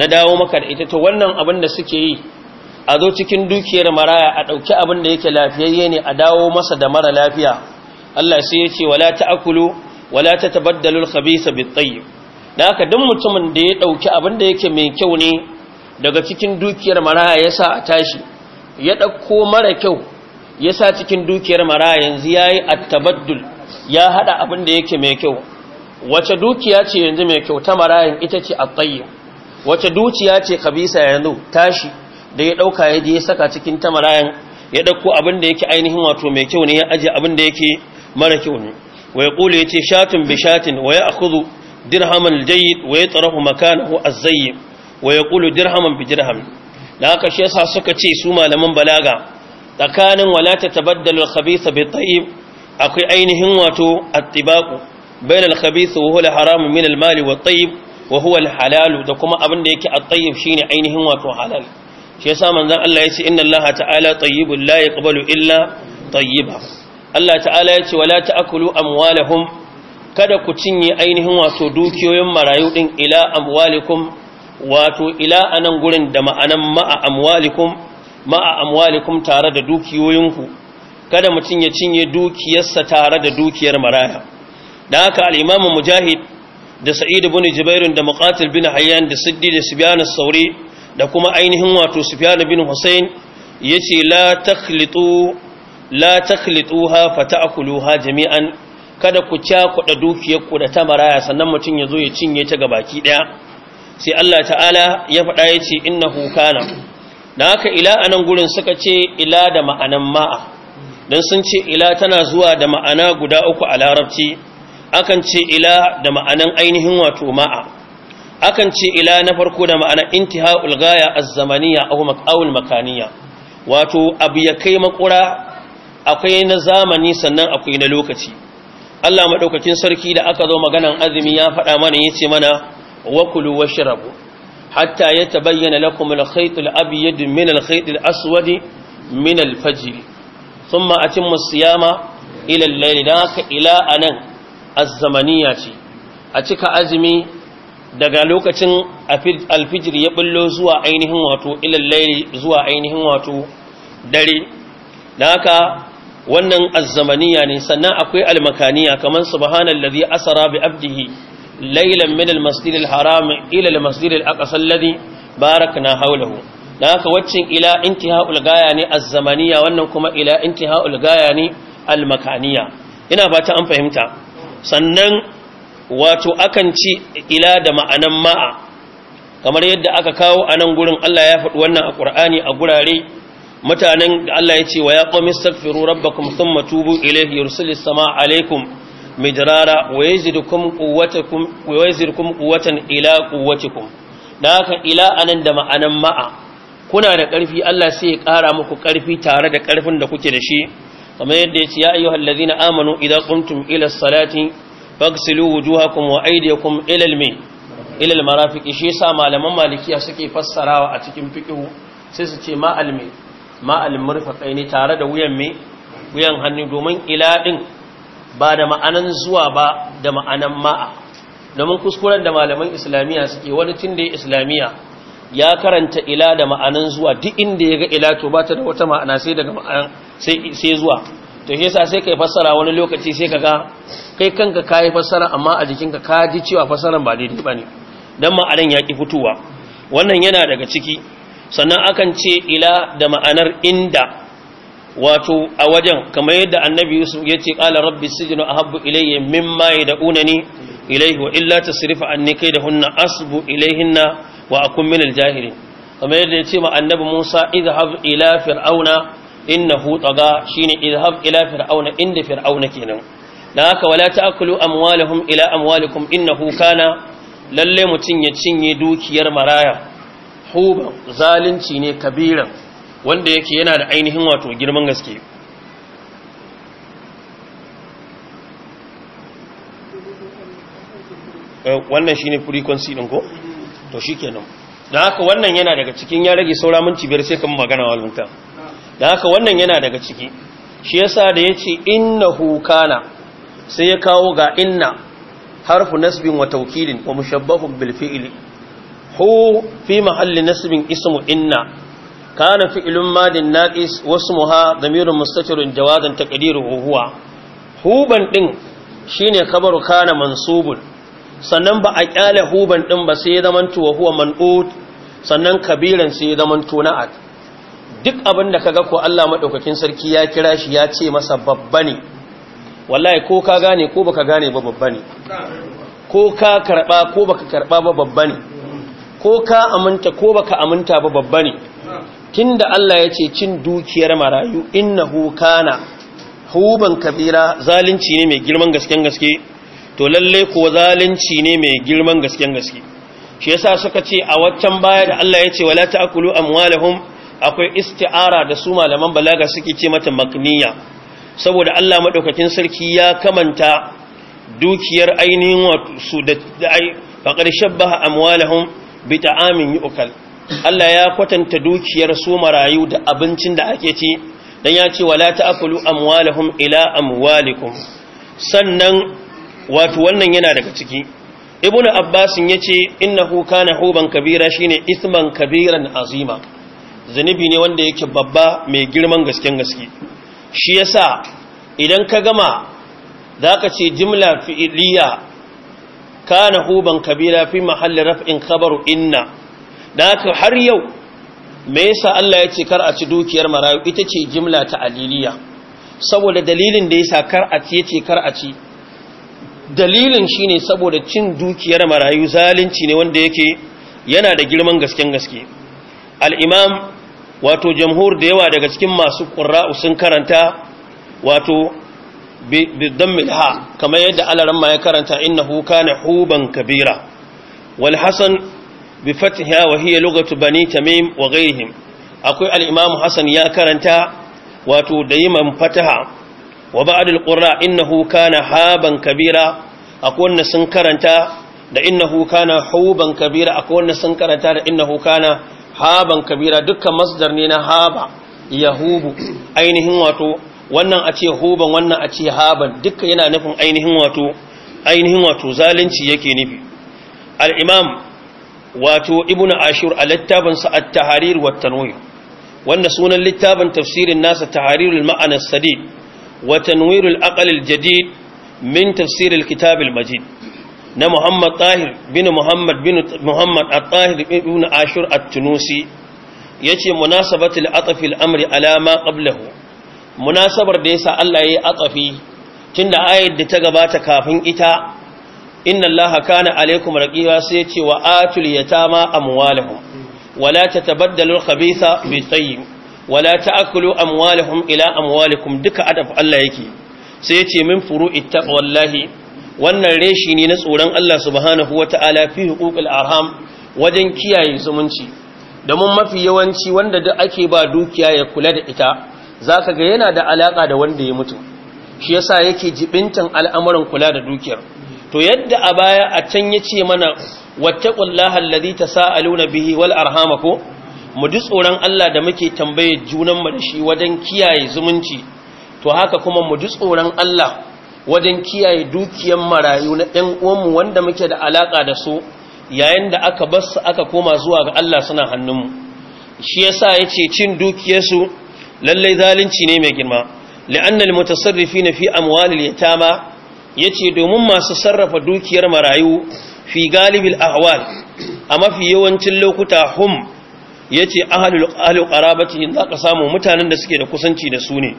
na dawo maka da ita to wannan abin da suke yi a zo cikin dukiyar maraya a ɗauki abin da yake lafiyayye ne a dawo masa da mara lafiya Allah sai ya ce wala ta'kulu wala ta al Khabisa bit-tayyib dan haka duk mutumin da ya ɗauki abin da yake mai kyau ne daga cikin dukiyar maraya ya sa a tashi ya ɗauko mara kyau ya sa cikin dukiyar maraya yanzu yayi at-tabaddul ya hada abin da yake mai kyau wace dukiya ce yanzu mai kyau ta marayin ita ce at-tayyib wace dukiya ce khabisa yanzu tashi da ya dauka ya je ya saka cikin tamarayan ya dauko abin da yake ainihin wato mai kyau ne ya aje abin da yake mara kyau ne wa ya yace shatun bi shatin wa ya dirhaman aljayyid wa yatrahu makanahu azzayyib wa ya dirhaman bi dirham da haka shi yasa suka ce su malaman balaga tsakanin wala tatabaddalu al bi tayyib akwai ainihin wato attibaqu bain al-khabith wa huwa haram min mali wa tayyib wa huwa al da kuma abin da yake at-tayyib shine ainihin wato halal shi yasa manzon Allah ya ce inna Allah ta'ala tayyibul la yaqbalu illa tayyiba Allah ta'ala ya ce wala ta'kulu amwalahum kada ku cinye ainihin wato dukiyoyin marayu din ila amwalikum wato ila anan gurin da ma'anan ma'a amwalikum ma'a amwalikum tare da dukiyoyinku kada mutum ya cinye dukiyarsa tare da dukiyar maraya dan haka al-imamu mujahid da sa'id ibn jubair da muqatil bin hayyan da siddi da sibyan as da kuma ainihin wato sufyan bin husayn yace la takhlitu la takhlituha fata'kuluha jami'an kada ku cakuɗa dukiyar ku da ta maraya sannan mutum ya zo ya cinye ta gabaki ɗaya. sai Allah ta'ala ya faɗa ya ce innahu kana da haka ila anan gurin suka ce ila da ma'anan ma'a dan sun ce ila tana zuwa da ma'ana guda uku a larabci akan ce ila da ma'anan ainihin wato ma'a akan ce ila na farko da ma'ana intihaul gaya az-zamaniya aw makaniya wato abu ya kai makura akwai na zamani sannan akwai na lokaci Allah madaukakin sarki da aka zo maganan azumi ya faɗa mana ya ce mana wa kulu washrabu hatta yatabayyana lakum al-khayt al-abyad min al-khayt al-aswad min al thumma atimmu siyama ila al-layl ila anan az-zamaniya ce a cika azumi daga lokacin alfijir ya bullo zuwa ainihin wato ilallaili zuwa ainihin wato dare da haka wannan azzamaniya ne sannan akwai almakaniya kamar subhanallazi asara bi abdihi laylan min almasjid alharam ila almasjid alaqsa alladhi barakna hawlahu da haka waccin ila intihaul gaya ne azzamaniya wannan kuma ila intihaul gaya ne almakaniya ina fata an fahimta sannan wato akan ci ila da ma'anan ma'a kamar yadda aka kawo a nan gurin Allah ya faɗi wannan a ƙur'ani a gurare mutanen da Allah ya ce wa ya ƙwami astaghfiru rabbakum thumma tubu ilayhi yursilis samaa alaykum mijrara wa yazidukum quwwatakum wa ila quwwatikum da haka ila anan da ma'anan ma'a kuna da ƙarfi Allah sai ya ƙara muku ƙarfi tare da ƙarfin da kuke da shi kamar yadda ya ce ya ayyuhallazina amanu idza qumtum ila salati fagsilu wujuhakum wa aydiyakum ila al-mi ila al-marafiq shi yasa malaman malikiya suke fassarawa a cikin fiqh sai su ce ma al-mi ma tare da wuyan me wuyan hannu domin ila ba da ma'anan zuwa ba da ma'anan ma'a domin kuskuren da malaman islamiyya suke wani tun da islamiyya ya karanta ila da ma'anan zuwa duk inda ya ga ila to ba ta da wata ma'ana sai sai zuwa to yasa sai kai fassara wani lokaci sai kaga kai kanka kai fassara amma a jikinka ka ji cewa fassaran ba daidai bane dan ma'anar yaki fituwa wannan yana daga ciki sannan akan ce ila da ma'anar inda wato a wajen kamar yadda annabi yusuf ya ce qala rabbi sijnu ahabbu ilayya mimma ya ilayhi wa illa ta anni an kai da hunna asbu ilayhinna wa akun min aljahili kamar yadda ya ce ma annabi musa idhab ila fir'auna innahu taga shine idhab ila fir'auna inda fir'auna kenan dan haka wala ta'kulu amwalahum ila amwalikum innahu kana lalle mutun ya cinye dukiyar maraya Huba zalunci ne kabira wanda yake yana da ainihin wato girman gaske eh, wannan shine frequency din ko to shikenan dan haka wannan yana daga cikin ya rage saura minti biyar sai kuma magana walunta da haka wannan yana daga ciki shi yasa da yace, ce innahu kana sai ya kawo ga inna harfu nasbin wa taukilin wa mushabbahun bil hu fi mahalli nasbin ismu inna kana fi'ilun madin naqis muha, zamirin mustatirun jawadan taqdiruhu huwa huban din shine kabaru kana mansubun sannan ba a kyale huban din ba sai ya zamanto huwa man'ut sannan kabiran sai ya zamanto na'at duk abin da kaga ko Allah madaukakin sarki ya kira shi ya ce masa babba ne wallahi ko ka gane ko baka gane ba babba ne ko ka karba ko baka karba ba babba ne ko ka aminta ko baka aminta ba babba ne tunda Allah ya ce cin dukiyar marayu innahu kana huban kabira zalunci ne mai girman gasken gaske to lalle ko zalunci ne mai girman gasken gaske shi yasa suka ce a waccan baya da Allah ya ce wala ta'kulu amwalahum akwai isti'ara da su malaman balaga suke ce mata makniya saboda Allah madaukakin sarki ya kamanta dukiyar ainihin su da faqad shabbaha amwalahum bi ta'amin yu'kal Allah ya kwatanta dukiyar su marayu da abincin da ake ci dan ya ce wala ta'kulu amwalahum ila amwalikum sannan wato wannan yana daga ciki ibnu abbasin yace innahu kana huban kabira shine isman kabiran azima zunubi ne wanda yake babba mai girman gasken gaske shi yasa idan ka gama za ka ce jimla fi'iliya kana huban kabira fi mahalli raf'in khabaru inna da har yau me yasa Allah ya ce kar a ci dukiyar marayu ita ce jimla ta aliliya saboda dalilin da yasa kar a ci yace kar a ci dalilin shine saboda cin dukiyar marayu zalunci ne wanda yake yana da girman gasken gaske al-imam wato jamhur da yawa daga cikin masu ƙura'u sun karanta wato bidan milha kamar yadda alaramma ya karanta inna huka huban kabira wal hasan bi fatiha wa hiya lugatu bani tamim wa ghairihim akwai al Hassan hasan ya karanta wato da fataha wa ba'd al-qurra innahu kana haban kabira akwai wanda sun karanta da innahu kana huban kabira akwai wanda sun karanta da innahu kana haban kabira dukkan masdar ne na haba yahubu ainihin wato wannan a ce huban wannan a ce haban dukka yana nufin ainihin wato ainihin wato zalunci yake nufi al-imam wato ibnu ashur a littafin sa at-tahrir wa tanwir wanda sunan littafin tafsirin nasa tahrirul ma'ana sadid wa tanwirul aql al-jadid min tafsir al-kitab al-majid na Muhammad Tahir bin Muhammad bin Muhammad At-Tahir ibn Ashur At-Tunusi yace munasabatul atfi al-amri ala ma qablahu munasabar da yasa Allah yayi atfi tunda ayat da ta gabata kafin ita inna Allah kana alaikum raqiba sai yace wa atul yatama amwalahum wala tatabaddalu al-khabitha bi tayyib wala ta'kulu amwalahum ila amwalikum duka adaf Allah yake sai yace min furu'it taqwallahi wannan reshi ne na tsoron Allah subhanahu Ta'ala fi huquqil arham wajen kiyaye zumunci domin mafi yawanci wanda duk ake ba dukiya ya kula da ita za ka ga yana da alaƙa da wanda ya mutu shi yasa yake jibintan al'amuran kula da dukiyar to yadda a baya a can ya ce mana ta allazi tasaaluna bihi wal arhama ko mu ji tsoron Allah da muke tambaye junan mu da shi wajen kiyaye zumunci to haka kuma mu ji tsoron Allah wajen kiyaye dukiyar marayu na ɗan uwanmu wanda muke da alaƙa da su yayin da aka basu aka koma zuwa ga Allah suna hannunmu shi yasa yace cin dukiyarsu lallai zalunci ne mai girma li'anna almutasarrifin fi amwalil yatama yace domin masu sarrafa dukiyar marayu fi galibil ahwal a mafi yawancin lokuta hum yace ahlul ahlul qarabati in ka samu mutanen da suke da kusanci da su ne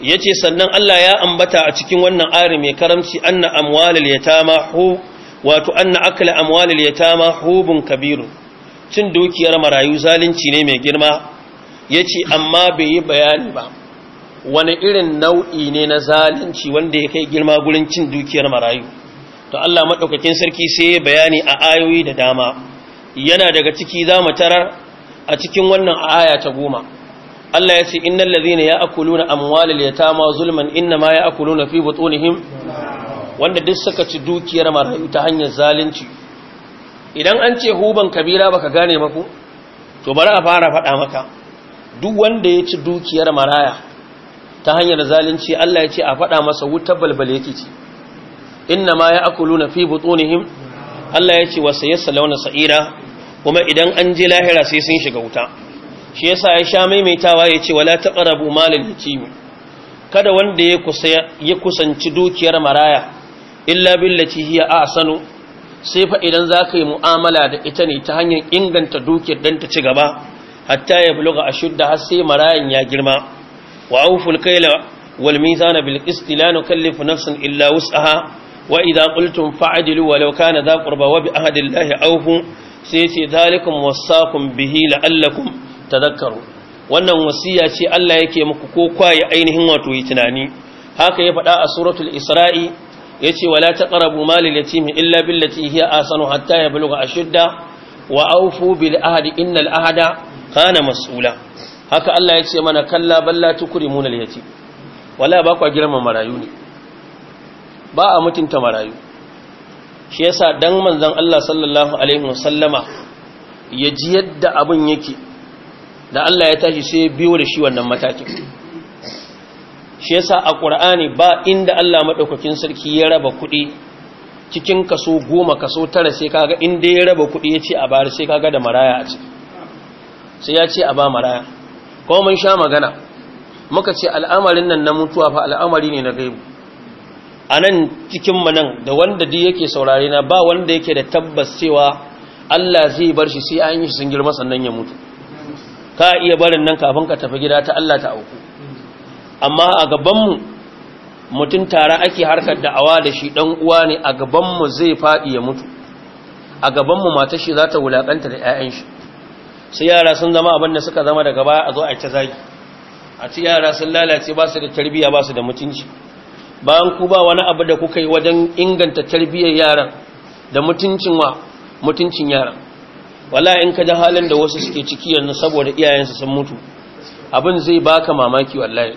ya ce sannan Allah ya ambata a cikin wannan ari mai karamci anna amwalil yatama hu wato anna akala amwalil yatama hubun Kabiru. cin dukiyar marayu zalunci ne mai girma ya ce amma bai yi bayani ba wani irin nau'i ne na zalunci wanda ya kai girma gurin cin dukiyar marayu to Allah maɗaukakin sarki sai ya bayani a ayoyi da dama yana daga ciki za mu tarar a cikin wannan aya ta goma Allah ya ce innal ladhina ya'kuluna amwalal yatama zulman inma ya'kuluna fi butunihim wanda duk suka ci dukiyar marayu ta hanyar zalunci idan an ce huban kabira baka gane ba ku to bari a fara faɗa maka duk wanda ya ci dukiyar maraya ta hanyar zalunci Allah ya ce a faɗa masa wuta balbal yake ci inma ya'kuluna fi butunihim Allah ya ce wa sa'ira kuma idan an ji lahira sai sun shiga wuta shi yasa ya sha maimaitawa ya ce wala taqrabu malal yatim kada wanda ya kusa ya kusanci dukiyar maraya illa billati hiya ahsanu sai fa idan zaka yi mu'amala da ita ne ta hanyar inganta dukiyar dan ta ci gaba hatta ya buluga ashudda har sai marayan ya girma wa awful kayla wal mizana bil qist la nukallifu nafsan illa wus'aha wa idza qultum fa'dilu walau kana dha qurba wa bi ahadillahi awfu sai ce zalikum wasaqum bihi la'allakum tadakkaru wannan wasiya ce Allah yake muku ko kwaye ainihin wato yi tunani haka ya faɗa a suratul isra'i yace wala taqrabu malil yatimi illa billati hiya asanu hatta yablugha ashudda wa awfu bil ahdi innal ahda kana mas'ula haka Allah yace mana kalla balla tukrimuna al yatim wala ba kwa girman marayu ne ba a mutunta marayu shi yasa dan manzon Allah sallallahu alaihi wasallama ya yadda abun yake da Allah ya tashi sai biyo da shi wannan matakin shi yasa a Qur'ani ba inda Allah madaukakin sarki ya raba kuɗi cikin kaso goma kaso tara sai kaga inda ya raba kuɗi ya a bari sai kaga da maraya a ciki sai ya ce a ba maraya ko mun sha magana muka ce al'amarin nan na mutuwa fa al'amari ne na gaibu anan nan cikin manan da wanda duk yake saurare na ba wanda yake da tabbas cewa Allah zai bar shi sai an yi shi sun girma sannan ya mutu ka iya barin nan kafin ka tafi gida ta Allah ta auku amma a gabanmu mutum tare ake harkar da'awa da shi dan uwa ne a gabanmu zai faɗi ya mutu a gabanmu matar shi za ta wulaƙanta da 'ya'yan shi sai yara sun zama abin da suka zama daga baya a zo a ci zagi a ci yara sun lalace ba su da tarbiyya ba su da mutunci bayan ku ba wani abu da kuka yi wajen inganta tarbiyyar yaran da mutuncin wa mutuncin yaran wala in ka ji halin da wasu suke ciki yanzu saboda iyayensu sun mutu abin zai baka mamaki wallahi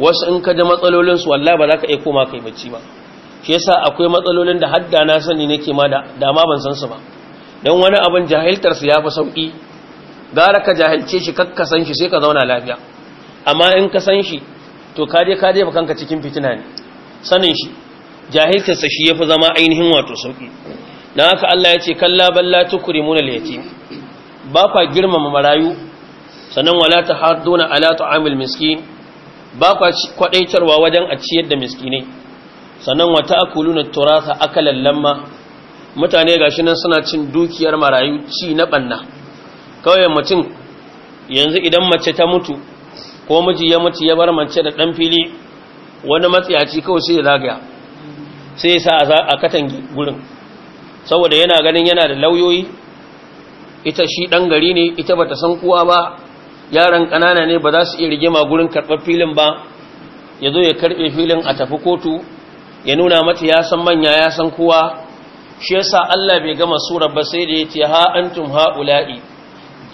wasu in ka ji matsalolin su wallahi ba za ka iya koma kai bacci ba shi yasa akwai matsalolin da hadda na sani nake ma da dama ban san su ba dan wani abin jahiltar su yafi sauki gara ka jahilce shi kakka san shi sai ka zauna lafiya amma in ka san shi to ka je ka je ba kanka cikin fitina ne sanin shi jahiltar sa shi yafi zama ainihin wato sauki na haka Allah ya ce kalla balla tukrimuna al-yatim ba kwa girmama marayu sannan wala haduna ala ta'amil miskin ba kwa kwadaitarwa wajen a ciyar da miskinai sannan wa ta'kuluna turatha akalan lamma mutane gashi nan suna cin dukiyar marayu ci na banna kawai mutum yanzu idan mace ta mutu ko miji ya mutu ya bar mace da dan fili wani matsiyaci kawai sai ya zagaya sai ya sa a katan gurin saboda yana ganin yana da lauyoyi ita shi ɗan gari ne ita bata san kowa ba yaran ƙanana ne ba za su iya rigima gurin karɓar filin ba ya zo ya karɓe filin a tafi kotu ya nuna mata ya san manya ya san kowa shi yasa Allah bai gama surar ba sai da ya ce ha antum haula'i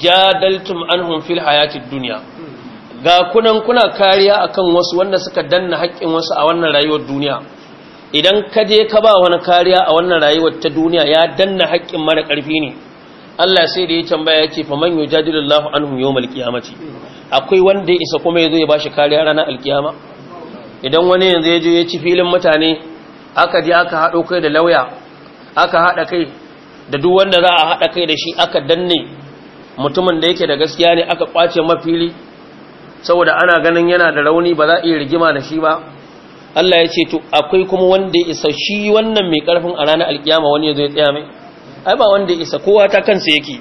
jadaltum anhum fil hayatid dunya ga kunan kuna kariya akan wasu wanda suka danna haƙƙin wasu a wannan rayuwar duniya idan ka je ka ba wani kariya a wannan rayuwar ta duniya ya danna haƙƙin mara ƙarfi ne Allah sai da ya tambaya ya ce fa man yujadilullahu anhum yawmal qiyamati akwai wanda ya isa kuma ya zo ya bashi kariya ranar alkiyama idan wani yanzu ya je ya ci filin mutane aka je aka haɗo kai da lauya aka haɗa kai da duk wanda za a haɗa kai da shi aka danne mutumin da yake da gaskiya ne aka kwace mafili saboda ana ganin yana da rauni ba za a iya rigima da shi ba Allah ya ce to akwai kuma wanda ya isa shi wannan mai karfin a ranar alkiyama wani ya zo ya tsaya mai ai ba wanda ya isa kowa ta kansa yake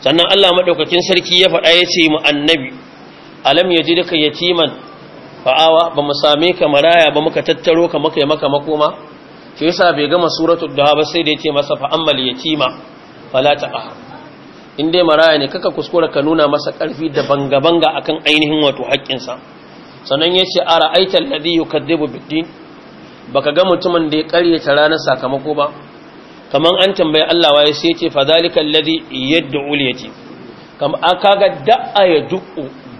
sannan Allah madaukakin sarki ya faɗa ya ce mu annabi alam ya ji duka yatiman fa'awa ba mu same ka maraya ba muka tattaro ka muka yi maka makoma shi yasa bai gama suratul duha ba sai da ya ce masa fa ammal yatima fala taqah in dai maraya ne kaka kuskura ka nuna masa karfi da banga banga akan ainihin wato haƙƙinsa sannan ya ce a ra'aita alladhi yukaddibu bid ba ka ga mutumin da ya karye ta ranar sakamako ba kaman an tambaye Allah waye sai ce ce fa yadda alladhi ce kamar kam kaga da'a ya yad'u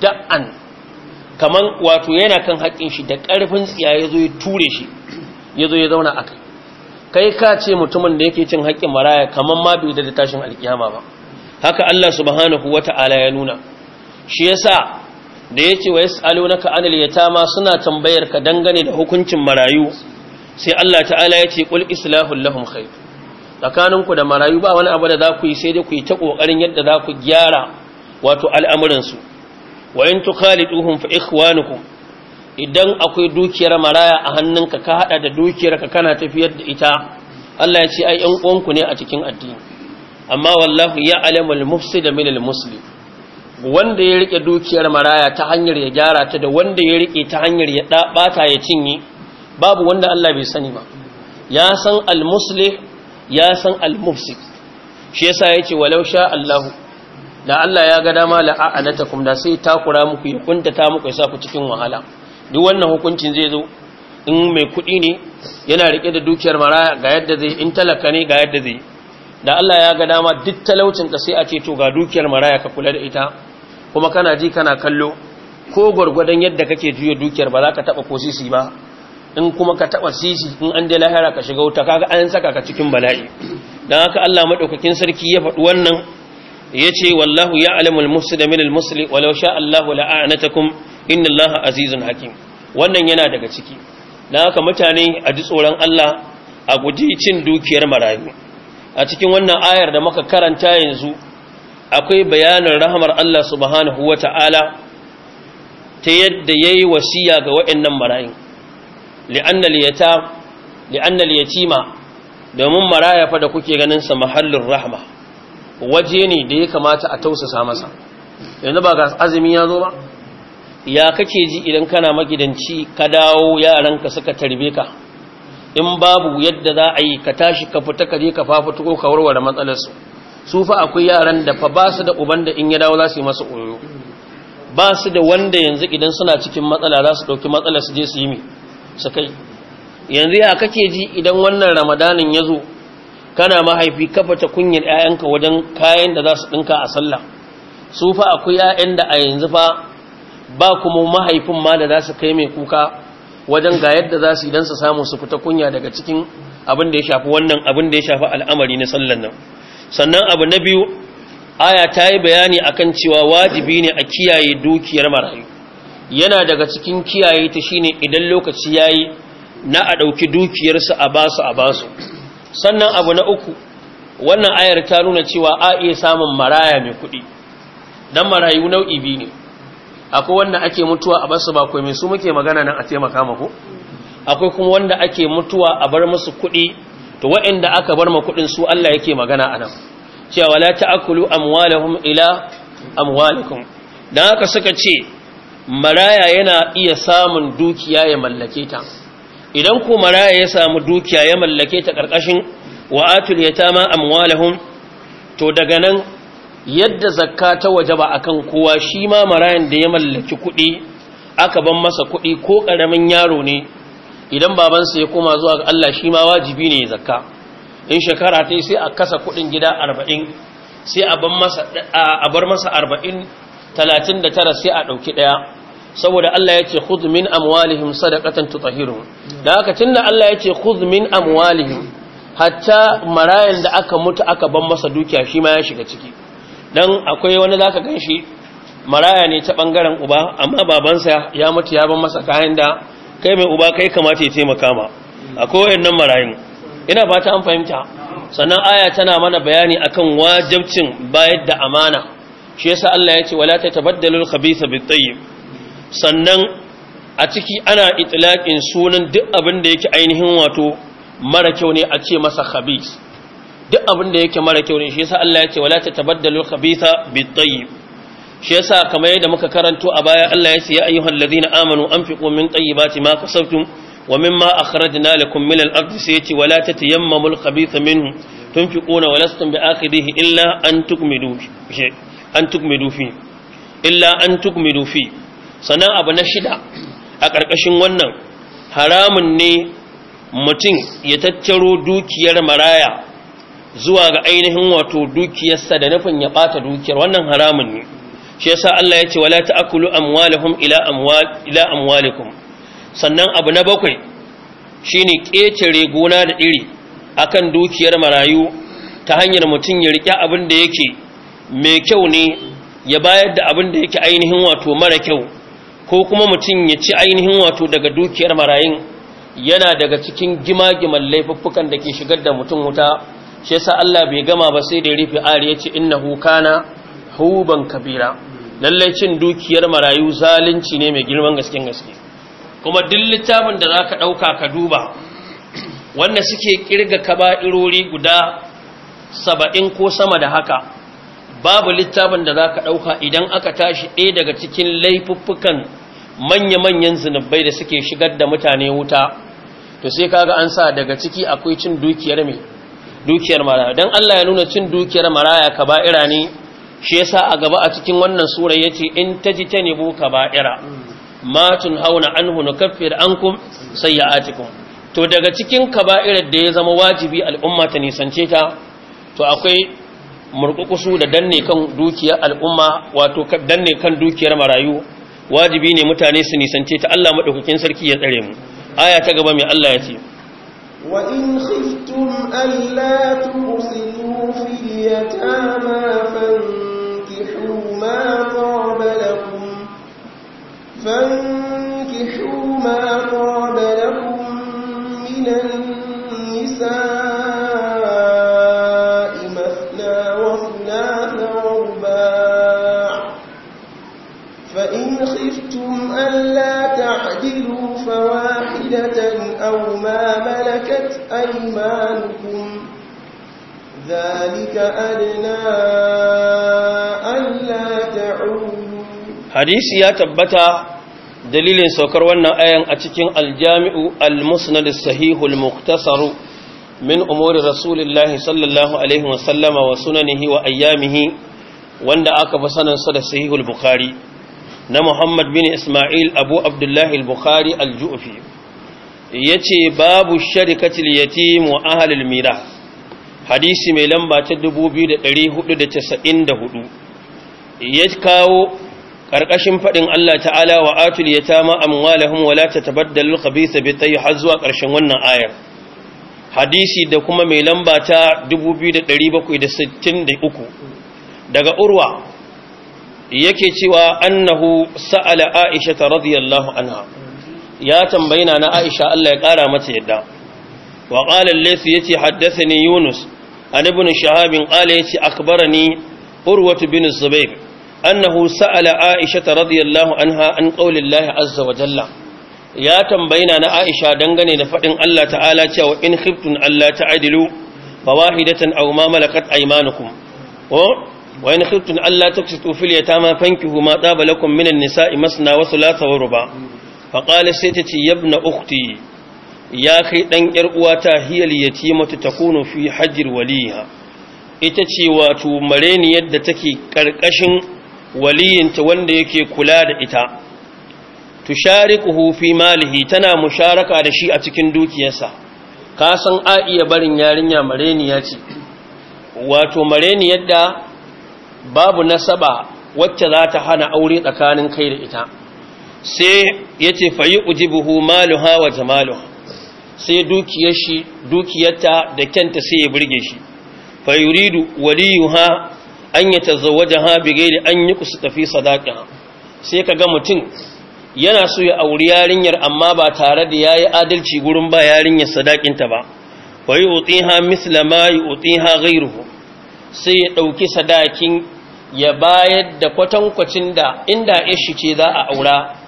da'an kaman wato yana kan haƙin shi da ƙarfin tsiya ya zo ya ture shi ya zo ya zauna a kai kai ka ce mutumin da yake cin haƙin maraya kamar ma bai da tashin alƙiyama ba haka Allah subhanahu wata'ala ya nuna shi yasa da ya ce wa ya yas'alunaka ya tama suna tambayar ka dangane da hukuncin marayu sai Allah ta'ala ya ce ƙul islahun lahun khair tsakaninku da marayu ba wani abu da za ku yi sai dai ku yi ta ƙoƙarin yadda za ku gyara wato al'amuransu. wa in tukhaliduhum fa ikhwanukum idan akwai dukiyar maraya a hannunka ka haɗa da dukiyar ka kana tafiyar da ita Allah ya ce ai 'yan uwanku ne a cikin addini amma wallahu ya alamul mufsida minal muslim wanda ya rike dukiyar maraya ta hanyar ya gyara ta da wanda ya rike ta hanyar ya bata ya cinye babu wanda Allah bai sani ba ya san al-muslih ya san al-mufsid shi yasa yace walau sha Allah da Allah ya ga dama la'anatakum da sai takura muku ya kuntata muku ya sa ku cikin wahala duk wannan hukuncin zai zo in mai kuɗi ne yana rike da dukiyar maraya ga yadda zai in talaka ne ga yadda zai da Allah ya ga dama duk talaucin ka sai a ce to ga dukiyar maraya ka kula da ita kuma kana ji kana kallo ko gwargwadon yadda kake juya dukiyar ba za ka taba ko sisi ba in kuma ka taba sisi in an dai lahira ka shiga wuta kaga an saka ka cikin bala'i dan haka Allah madaukakin sarki ya faɗi wannan yace wallahu ya'lamu al-mufsida min al-muslih walau sha Allahu la'anatakum inna Allaha azizun hakim wannan yana daga ciki dan haka mutane a ji tsoron Allah a guji cin dukiyar marayu a cikin wannan ayar da muka karanta yanzu akwai bayanin rahamar Allah subhanahu wata'ala ta yadda ya yi wasiya ga waɗannan marayin li’annal ya li'anna domin maraya fa da kuke ganin sa mahallin rahma waje ne da ya kamata a tausasa masa yanzu ba ga azumi ya zo ba ya kake ji idan kana magidanci ka dawo yaranka suka tarbe ka in babu yadda za a yi ka tashi ka fita ka je ka fafita ko ka warware matsalarsu su fa akwai yaran da fa ba su da uban da in ya dawo za su yi masa oyo ba su da wanda yanzu idan suna cikin matsala za su ɗauki matsalar su je su yi mi su kai yanzu ya kake ji idan wannan ramadanin ya zo kana mahaifi kafa ta kunyar 'ya'yanka wajen kayan da za su ɗinka a sallah su fa akwai 'ya'yan da a yanzu fa ba kuma mahaifin ma da za su kai mai kuka wajen ga yadda za su idan su samu su fita kunya daga cikin abin da ya shafi wannan abin da ya shafi al'amari na sallan nan sannan abu na biyu aya ta yi bayani a kan cewa wajibi ne a kiyaye dukiyar marayu yana daga cikin kiyaye ta shine idan lokaci ya yi, na a ɗauki dukiyarsu a basu a basu sannan abu na uku wannan ayar ta nuna cewa a iya samun maraya mai kuɗi don marayu nau'i biyu ne akwai wanda ake mutuwa a basu ba komai su muke magana nan a taimaka mako akwai kuma wanda ake mutuwa a bar musu kuɗi to waɗanda aka bar ma kuɗin su Allah yake magana anan cewa la ta'kulu amwalahum ila amwalikum dan haka suka ce maraya yana iya samun dukiya ya mallake ta idan ko maraya ya samu dukiya ya mallake ta karkashin atul yatama amwalahum to daga nan yadda zakka ta wajaba akan kowa shi ma marayan da ya mallaki kuɗi aka ban masa kuɗi ko ƙaramin yaro ne idan babansa ya koma zuwa ga Allah shi ma wajibi ne zakka in shekara ta sai a kasa kuɗin gida 40 sai a ban masa a bar masa 40 39 sai a dauki daya saboda Allah yace khudh min amwalihim sadaqatan tutahhiruhum da haka tunda Allah yace khudh min amwalihim hatta marayan da aka mutu aka ban masa dukiya shi ma ya shiga ciki dan akwai wani zaka ganshi maraya ne ta bangaren uba amma babansa ya mutu ya ban masa kayan da kai mai uba kai kamata ya taimaka ma akwai wayannan marayun ina fata an fahimta sannan aya tana mana bayani akan wajibcin bayar da amana shi yasa Allah ya ce wala tatabaddalu al-khabitha bit-tayyib sannan a ciki ana itlaqin sunan duk abin da yake ainihin wato mara kyau ne a ce masa khabith duk abin da yake mara kyau ne shi yasa Allah ya ce wala tatabaddalu khabitha bit shi yasa kamar yadda muka karanto a baya Allah ya ce ya lazina, amanu anfiqu min tayyibati ma kasabtum wa mimma akhrajna lakum min al-ardi sai yace wala tatayammamu al-khabitha minhu tunfiquna wa lastum bi'akhidhihi illa an tukmidu fi an tukmidu fi illa an tukmidu fi sanan abu na shida a ƙarƙashin wannan haramun ne mutum ya tattaro dukiyar maraya zuwa ga ainihin wato dukiyarsa da nufin ya bata dukiyar wannan haramun ne shi yasa Allah ya ce wala ta'kulu amwalahum ila amwal ila amwalikum sannan abu na bakwai shine kecere gona da iri akan dukiyar marayu ta hanyar mutun ya rike abin da yake mai kyau ne ya bayar da abin da yake ainihin wato mara kyau ko kuma mutun ya ci ainihin wato daga dukiyar marayun yana daga cikin gima-giman laifuffukan da ke shigar da mutum wuta shi yasa Allah bai gama ba sai da ya rufe in yace innahu kana huban kabira lallai cin dukiyar marayu zalunci ne mai girman gaske gaske kuma duk littafin da zaka ɗauka ka duba wanda suke kirga kaba'irori guda saba'in ko sama da haka babu littafin da za ka ɗauka idan aka tashi ɗaya daga cikin laifuffukan manya-manyan zinubai da suke shigar da mutane wuta to sai kaga an sa daga ciki akwai cin dukiyar mai dukiyar maraya Don Allah ya nuna cin dukiyar maraya kaba'ira ne shi yasa a gaba a cikin wannan sura ce in ta ta ji tajtanibu kaba'ira an kun, sai ya ankum sayyi'atikum to daga cikin kaba'irar da ya zama wajibi al'umma ta nisance ta to akwai murkukusu da danne kan dukiyar al'umma wato danne kan dukiyar marayu wajibi ne mutane su nisance ta Allah madaukakin sarki ya tsare mu aya ta gaba mai Allah ya ce wa in ألا ترسلوا في اليتامى فانكحوا ما طاب لكم فانكحوا ما طاب لكم من النساء أو ما ملكت أيمانكم ذلك أدنى أن لا تعودوا حديث ياتبتا dalilin saukar wannan ayan a cikin aljami'u al-musnad as-sahihu al-mukhtasar min umuri rasulillahi sallallahu alaihi wa sallama wa sunanihi wa ayyamihi wanda aka fi sanin sa da sahihul bukhari na muhammad bin isma'il abu abdullahi bukhari al-ju'fi Ya ce babu sharikatil yatim wa ahlul mira hadisi mai lamba ta 2494 ya kawo ƙarƙashin faɗin Allah ta'ala wa atul yatama amwalahum wa la tatabaddalu al-khabitha bi tayyib har zuwa ƙarshen wannan ayar hadisi da kuma mai lamba ta 2763 daga urwa yake cewa annahu sa'ala aisha radiyallahu anha ya tambayi na Aisha Allah ya ƙara mata yadda wa qala al-layth yace haddathani Yunus an ibn Shahab qala yace akhbarani urwatu bin Zubayr annahu sa'ala Aisha ta radiyallahu anha an qawli azza wa jalla ya tambayi na Aisha dangane da fadin Allah ta'ala cewa in khiftun Allah ta'dilu fawahidatan aw ma malakat aymanukum وإن خفتم ألا تكسطوا fankihu ma فانكحوا ما minan لكم من النساء مثنى وثلاث ورباع faƙali sai ta ce yabna ukti ya kai ɗan ‘yar uwata hiyar mata ta kuno fi hajjir waliya. ita ce wato mare ni yadda take ƙarƙashin waliyinta wanda yake kula da ita tusharikuhu fi malihi tana musharaka da shi a cikin dukiyarsa ka san a iya barin yarinya mareniya ce wato mareniyar da babu nasaba wacce za ta hana aure tsakanin kai da ita sai ya ce fayi ujibuhu maluha wa jamaluha sai dukiyar shi dukiyarta da kyanta sai ya burge shi fayuridu waliyuha an yi tazawwaja ha da an yi kusa tafi sadaka sai ka ga mutum yana so ya auri yarinyar amma ba tare da yayi adalci gurin ba yarinyar sadakinta ba utsi ha misla ma yi ha gairu. sai ya ɗauki sadakin ya bayar da kwatankwacin da inda ishi ce za a aura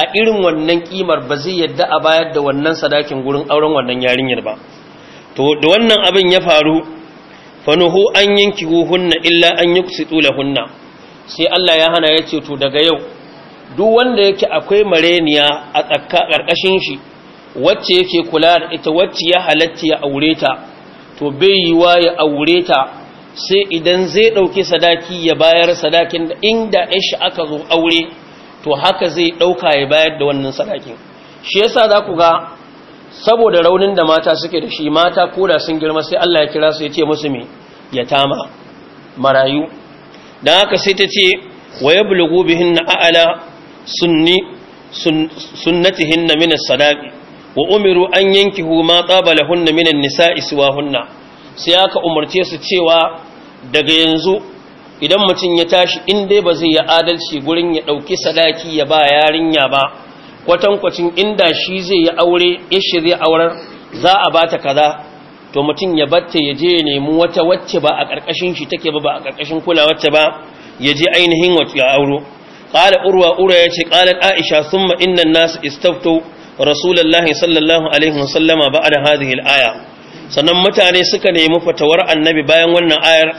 a irin wannan kimar ba zai yadda a bayar da wannan sadakin gurin auren wannan yarinyar ba to da wannan abin ya faru fanuhu an yanki hunna illa an yi yuqsitu lahunna sai Allah ya hana ya ce to daga yau duk wanda yake akwai mareniya a tsakka karkashin shi wacce yake kula da ita wacce ya halatta ya aure ta to bai yi wa ya aure ta sai idan zai ɗauki sadaki ya bayar sadakin da inda ishi aka zo aure to haka zai ɗauka ya bayar da wannan sadakin shi yasa za ku ga saboda raunin da mata suke da shi mata koda sun girma sai Allah ya kira su ya ce musu me ya tama marayu don haka sai ta ce wa ya bulugu bihin na a'ala sunnatihin na minas wa umiru an yanki huma tsabala hunna minan nisa isuwa hunna sai aka umarce su cewa daga yanzu idan mutum ya tashi in dai ba zai yi adalci gurin ya ɗauki sadaki ya ba yarinya ba kwatankwacin inda shi zai yi aure ishi zai aurar za a ba ta kaza to mutum ya batta ya je ya nemi wata wacce ba a ƙarƙashin shi take ba ba a ƙarƙashin kula wacce ba ya je ainihin wacce ya auro ƙala urwa ura ya ce ƙalar aisha sun ma innan nasu istafto rasulallahi sallallahu alaihi wasallama ba a da hadihil aya sannan mutane suka nemi fatawar annabi bayan wannan ayar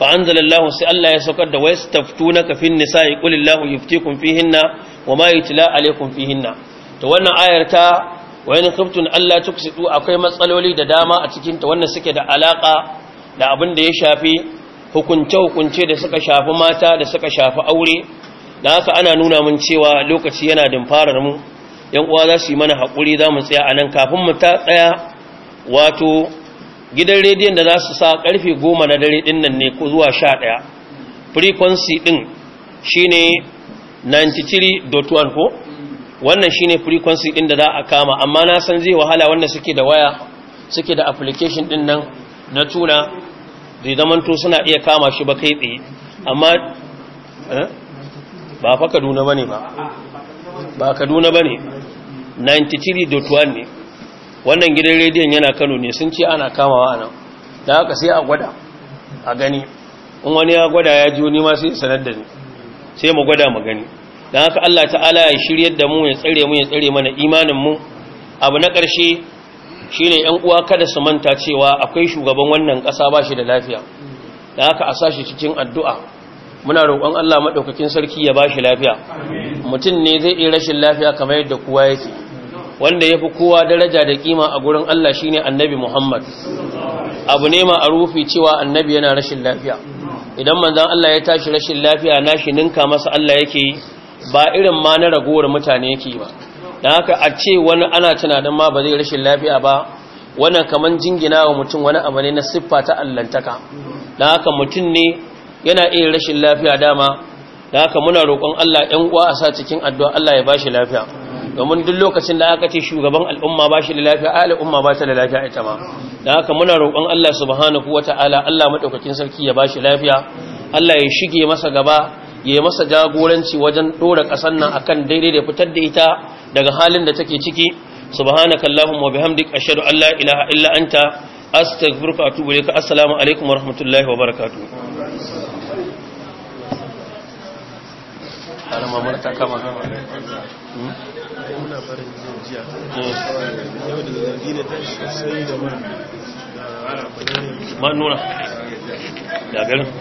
fa anzalallahu sai Allah ya saukar da wastaftunaka fin nisa'i qulillahu yuftikum fihinna ma yutla alaykum fihinna to wannan ayar ta wayan khiftun Allah tuksidu akwai matsaloli da dama a cikin ta wannan suke da alaka da abin da ya shafi hukunce hukunce da suka shafi mata da suka shafi aure dan haka ana nuna mun cewa lokaci yana dimfarar mu yan uwa za su yi mana hakuri za mu tsaya anan kafin mu ta tsaya wato gidan rediyon da za su sa karfe goma na dare din nan ne ko zuwa sha ɗaya frequency din shine 93.1 ko wannan shi ne frequency din da za a kama amma na san zai wahala wanda suke da waya suke da application din nan na tuna zai zamanto suna iya kama shi ba kai tsaye amma eh? ba fa kaduna ne ba ba kaduna ne 93.1 ne wannan gidan rediyon yana kano ne sun ce ana kamawa a nan da haka sai a gwada a gani in wani ya gwada ya ji wani masu sanar da ni sai mu gwada mu gani don haka Allah ta'ala ya shiryar da mu ya tsare mu ya tsare mana imanin mu abu na ƙarshe shi ne yan uwa kada su manta cewa akwai shugaban wannan ƙasa ba shi da lafiya don haka a sashi cikin addu'a muna roƙon Allah maɗaukakin sarki ya ba shi lafiya mutum ne zai iya rashin lafiya kamar yadda kowa yake wanda ya fi kowa daraja da kima a gurin Allah shine annabi Muhammad abu ne ma a rufi cewa annabi yana rashin lafiya idan manzan Allah ya tashi rashin lafiya na shi ninka masa Allah yake yi ba irin ma na ragowar mutane yake yi ba don haka a ce wani ana tunanin ma ba zai rashin lafiya ba wannan kamar jingina wa mutum wani abu ne na siffa ta allantaka don haka mutum ne yana iya rashin lafiya dama don haka muna roƙon Allah ‘yan uwa a sa cikin addu'a Allah ya ba shi lafiya domin duk lokacin da aka ce shugaban al'umma ba shi da lafiya al'umma ba ta da lafiya ita ma da haka muna roƙon Allah subhanahu ta'ala Allah maɗaukacin sarki ya ba shi lafiya Allah ya shige masa gaba ya yi masa jagoranci wajen ɗora ƙasar nan akan daidai da fitar da ita daga halin da take ciki subhanaka allahumma bihamdik ashhadu an la ilaha illa anta astaghfiruka wa atubu ilayka assalamu alaikum wa rahmatullahi wa barakatuh ai muna barin jiya yau da zargi da tashi sai da man da manu na da garin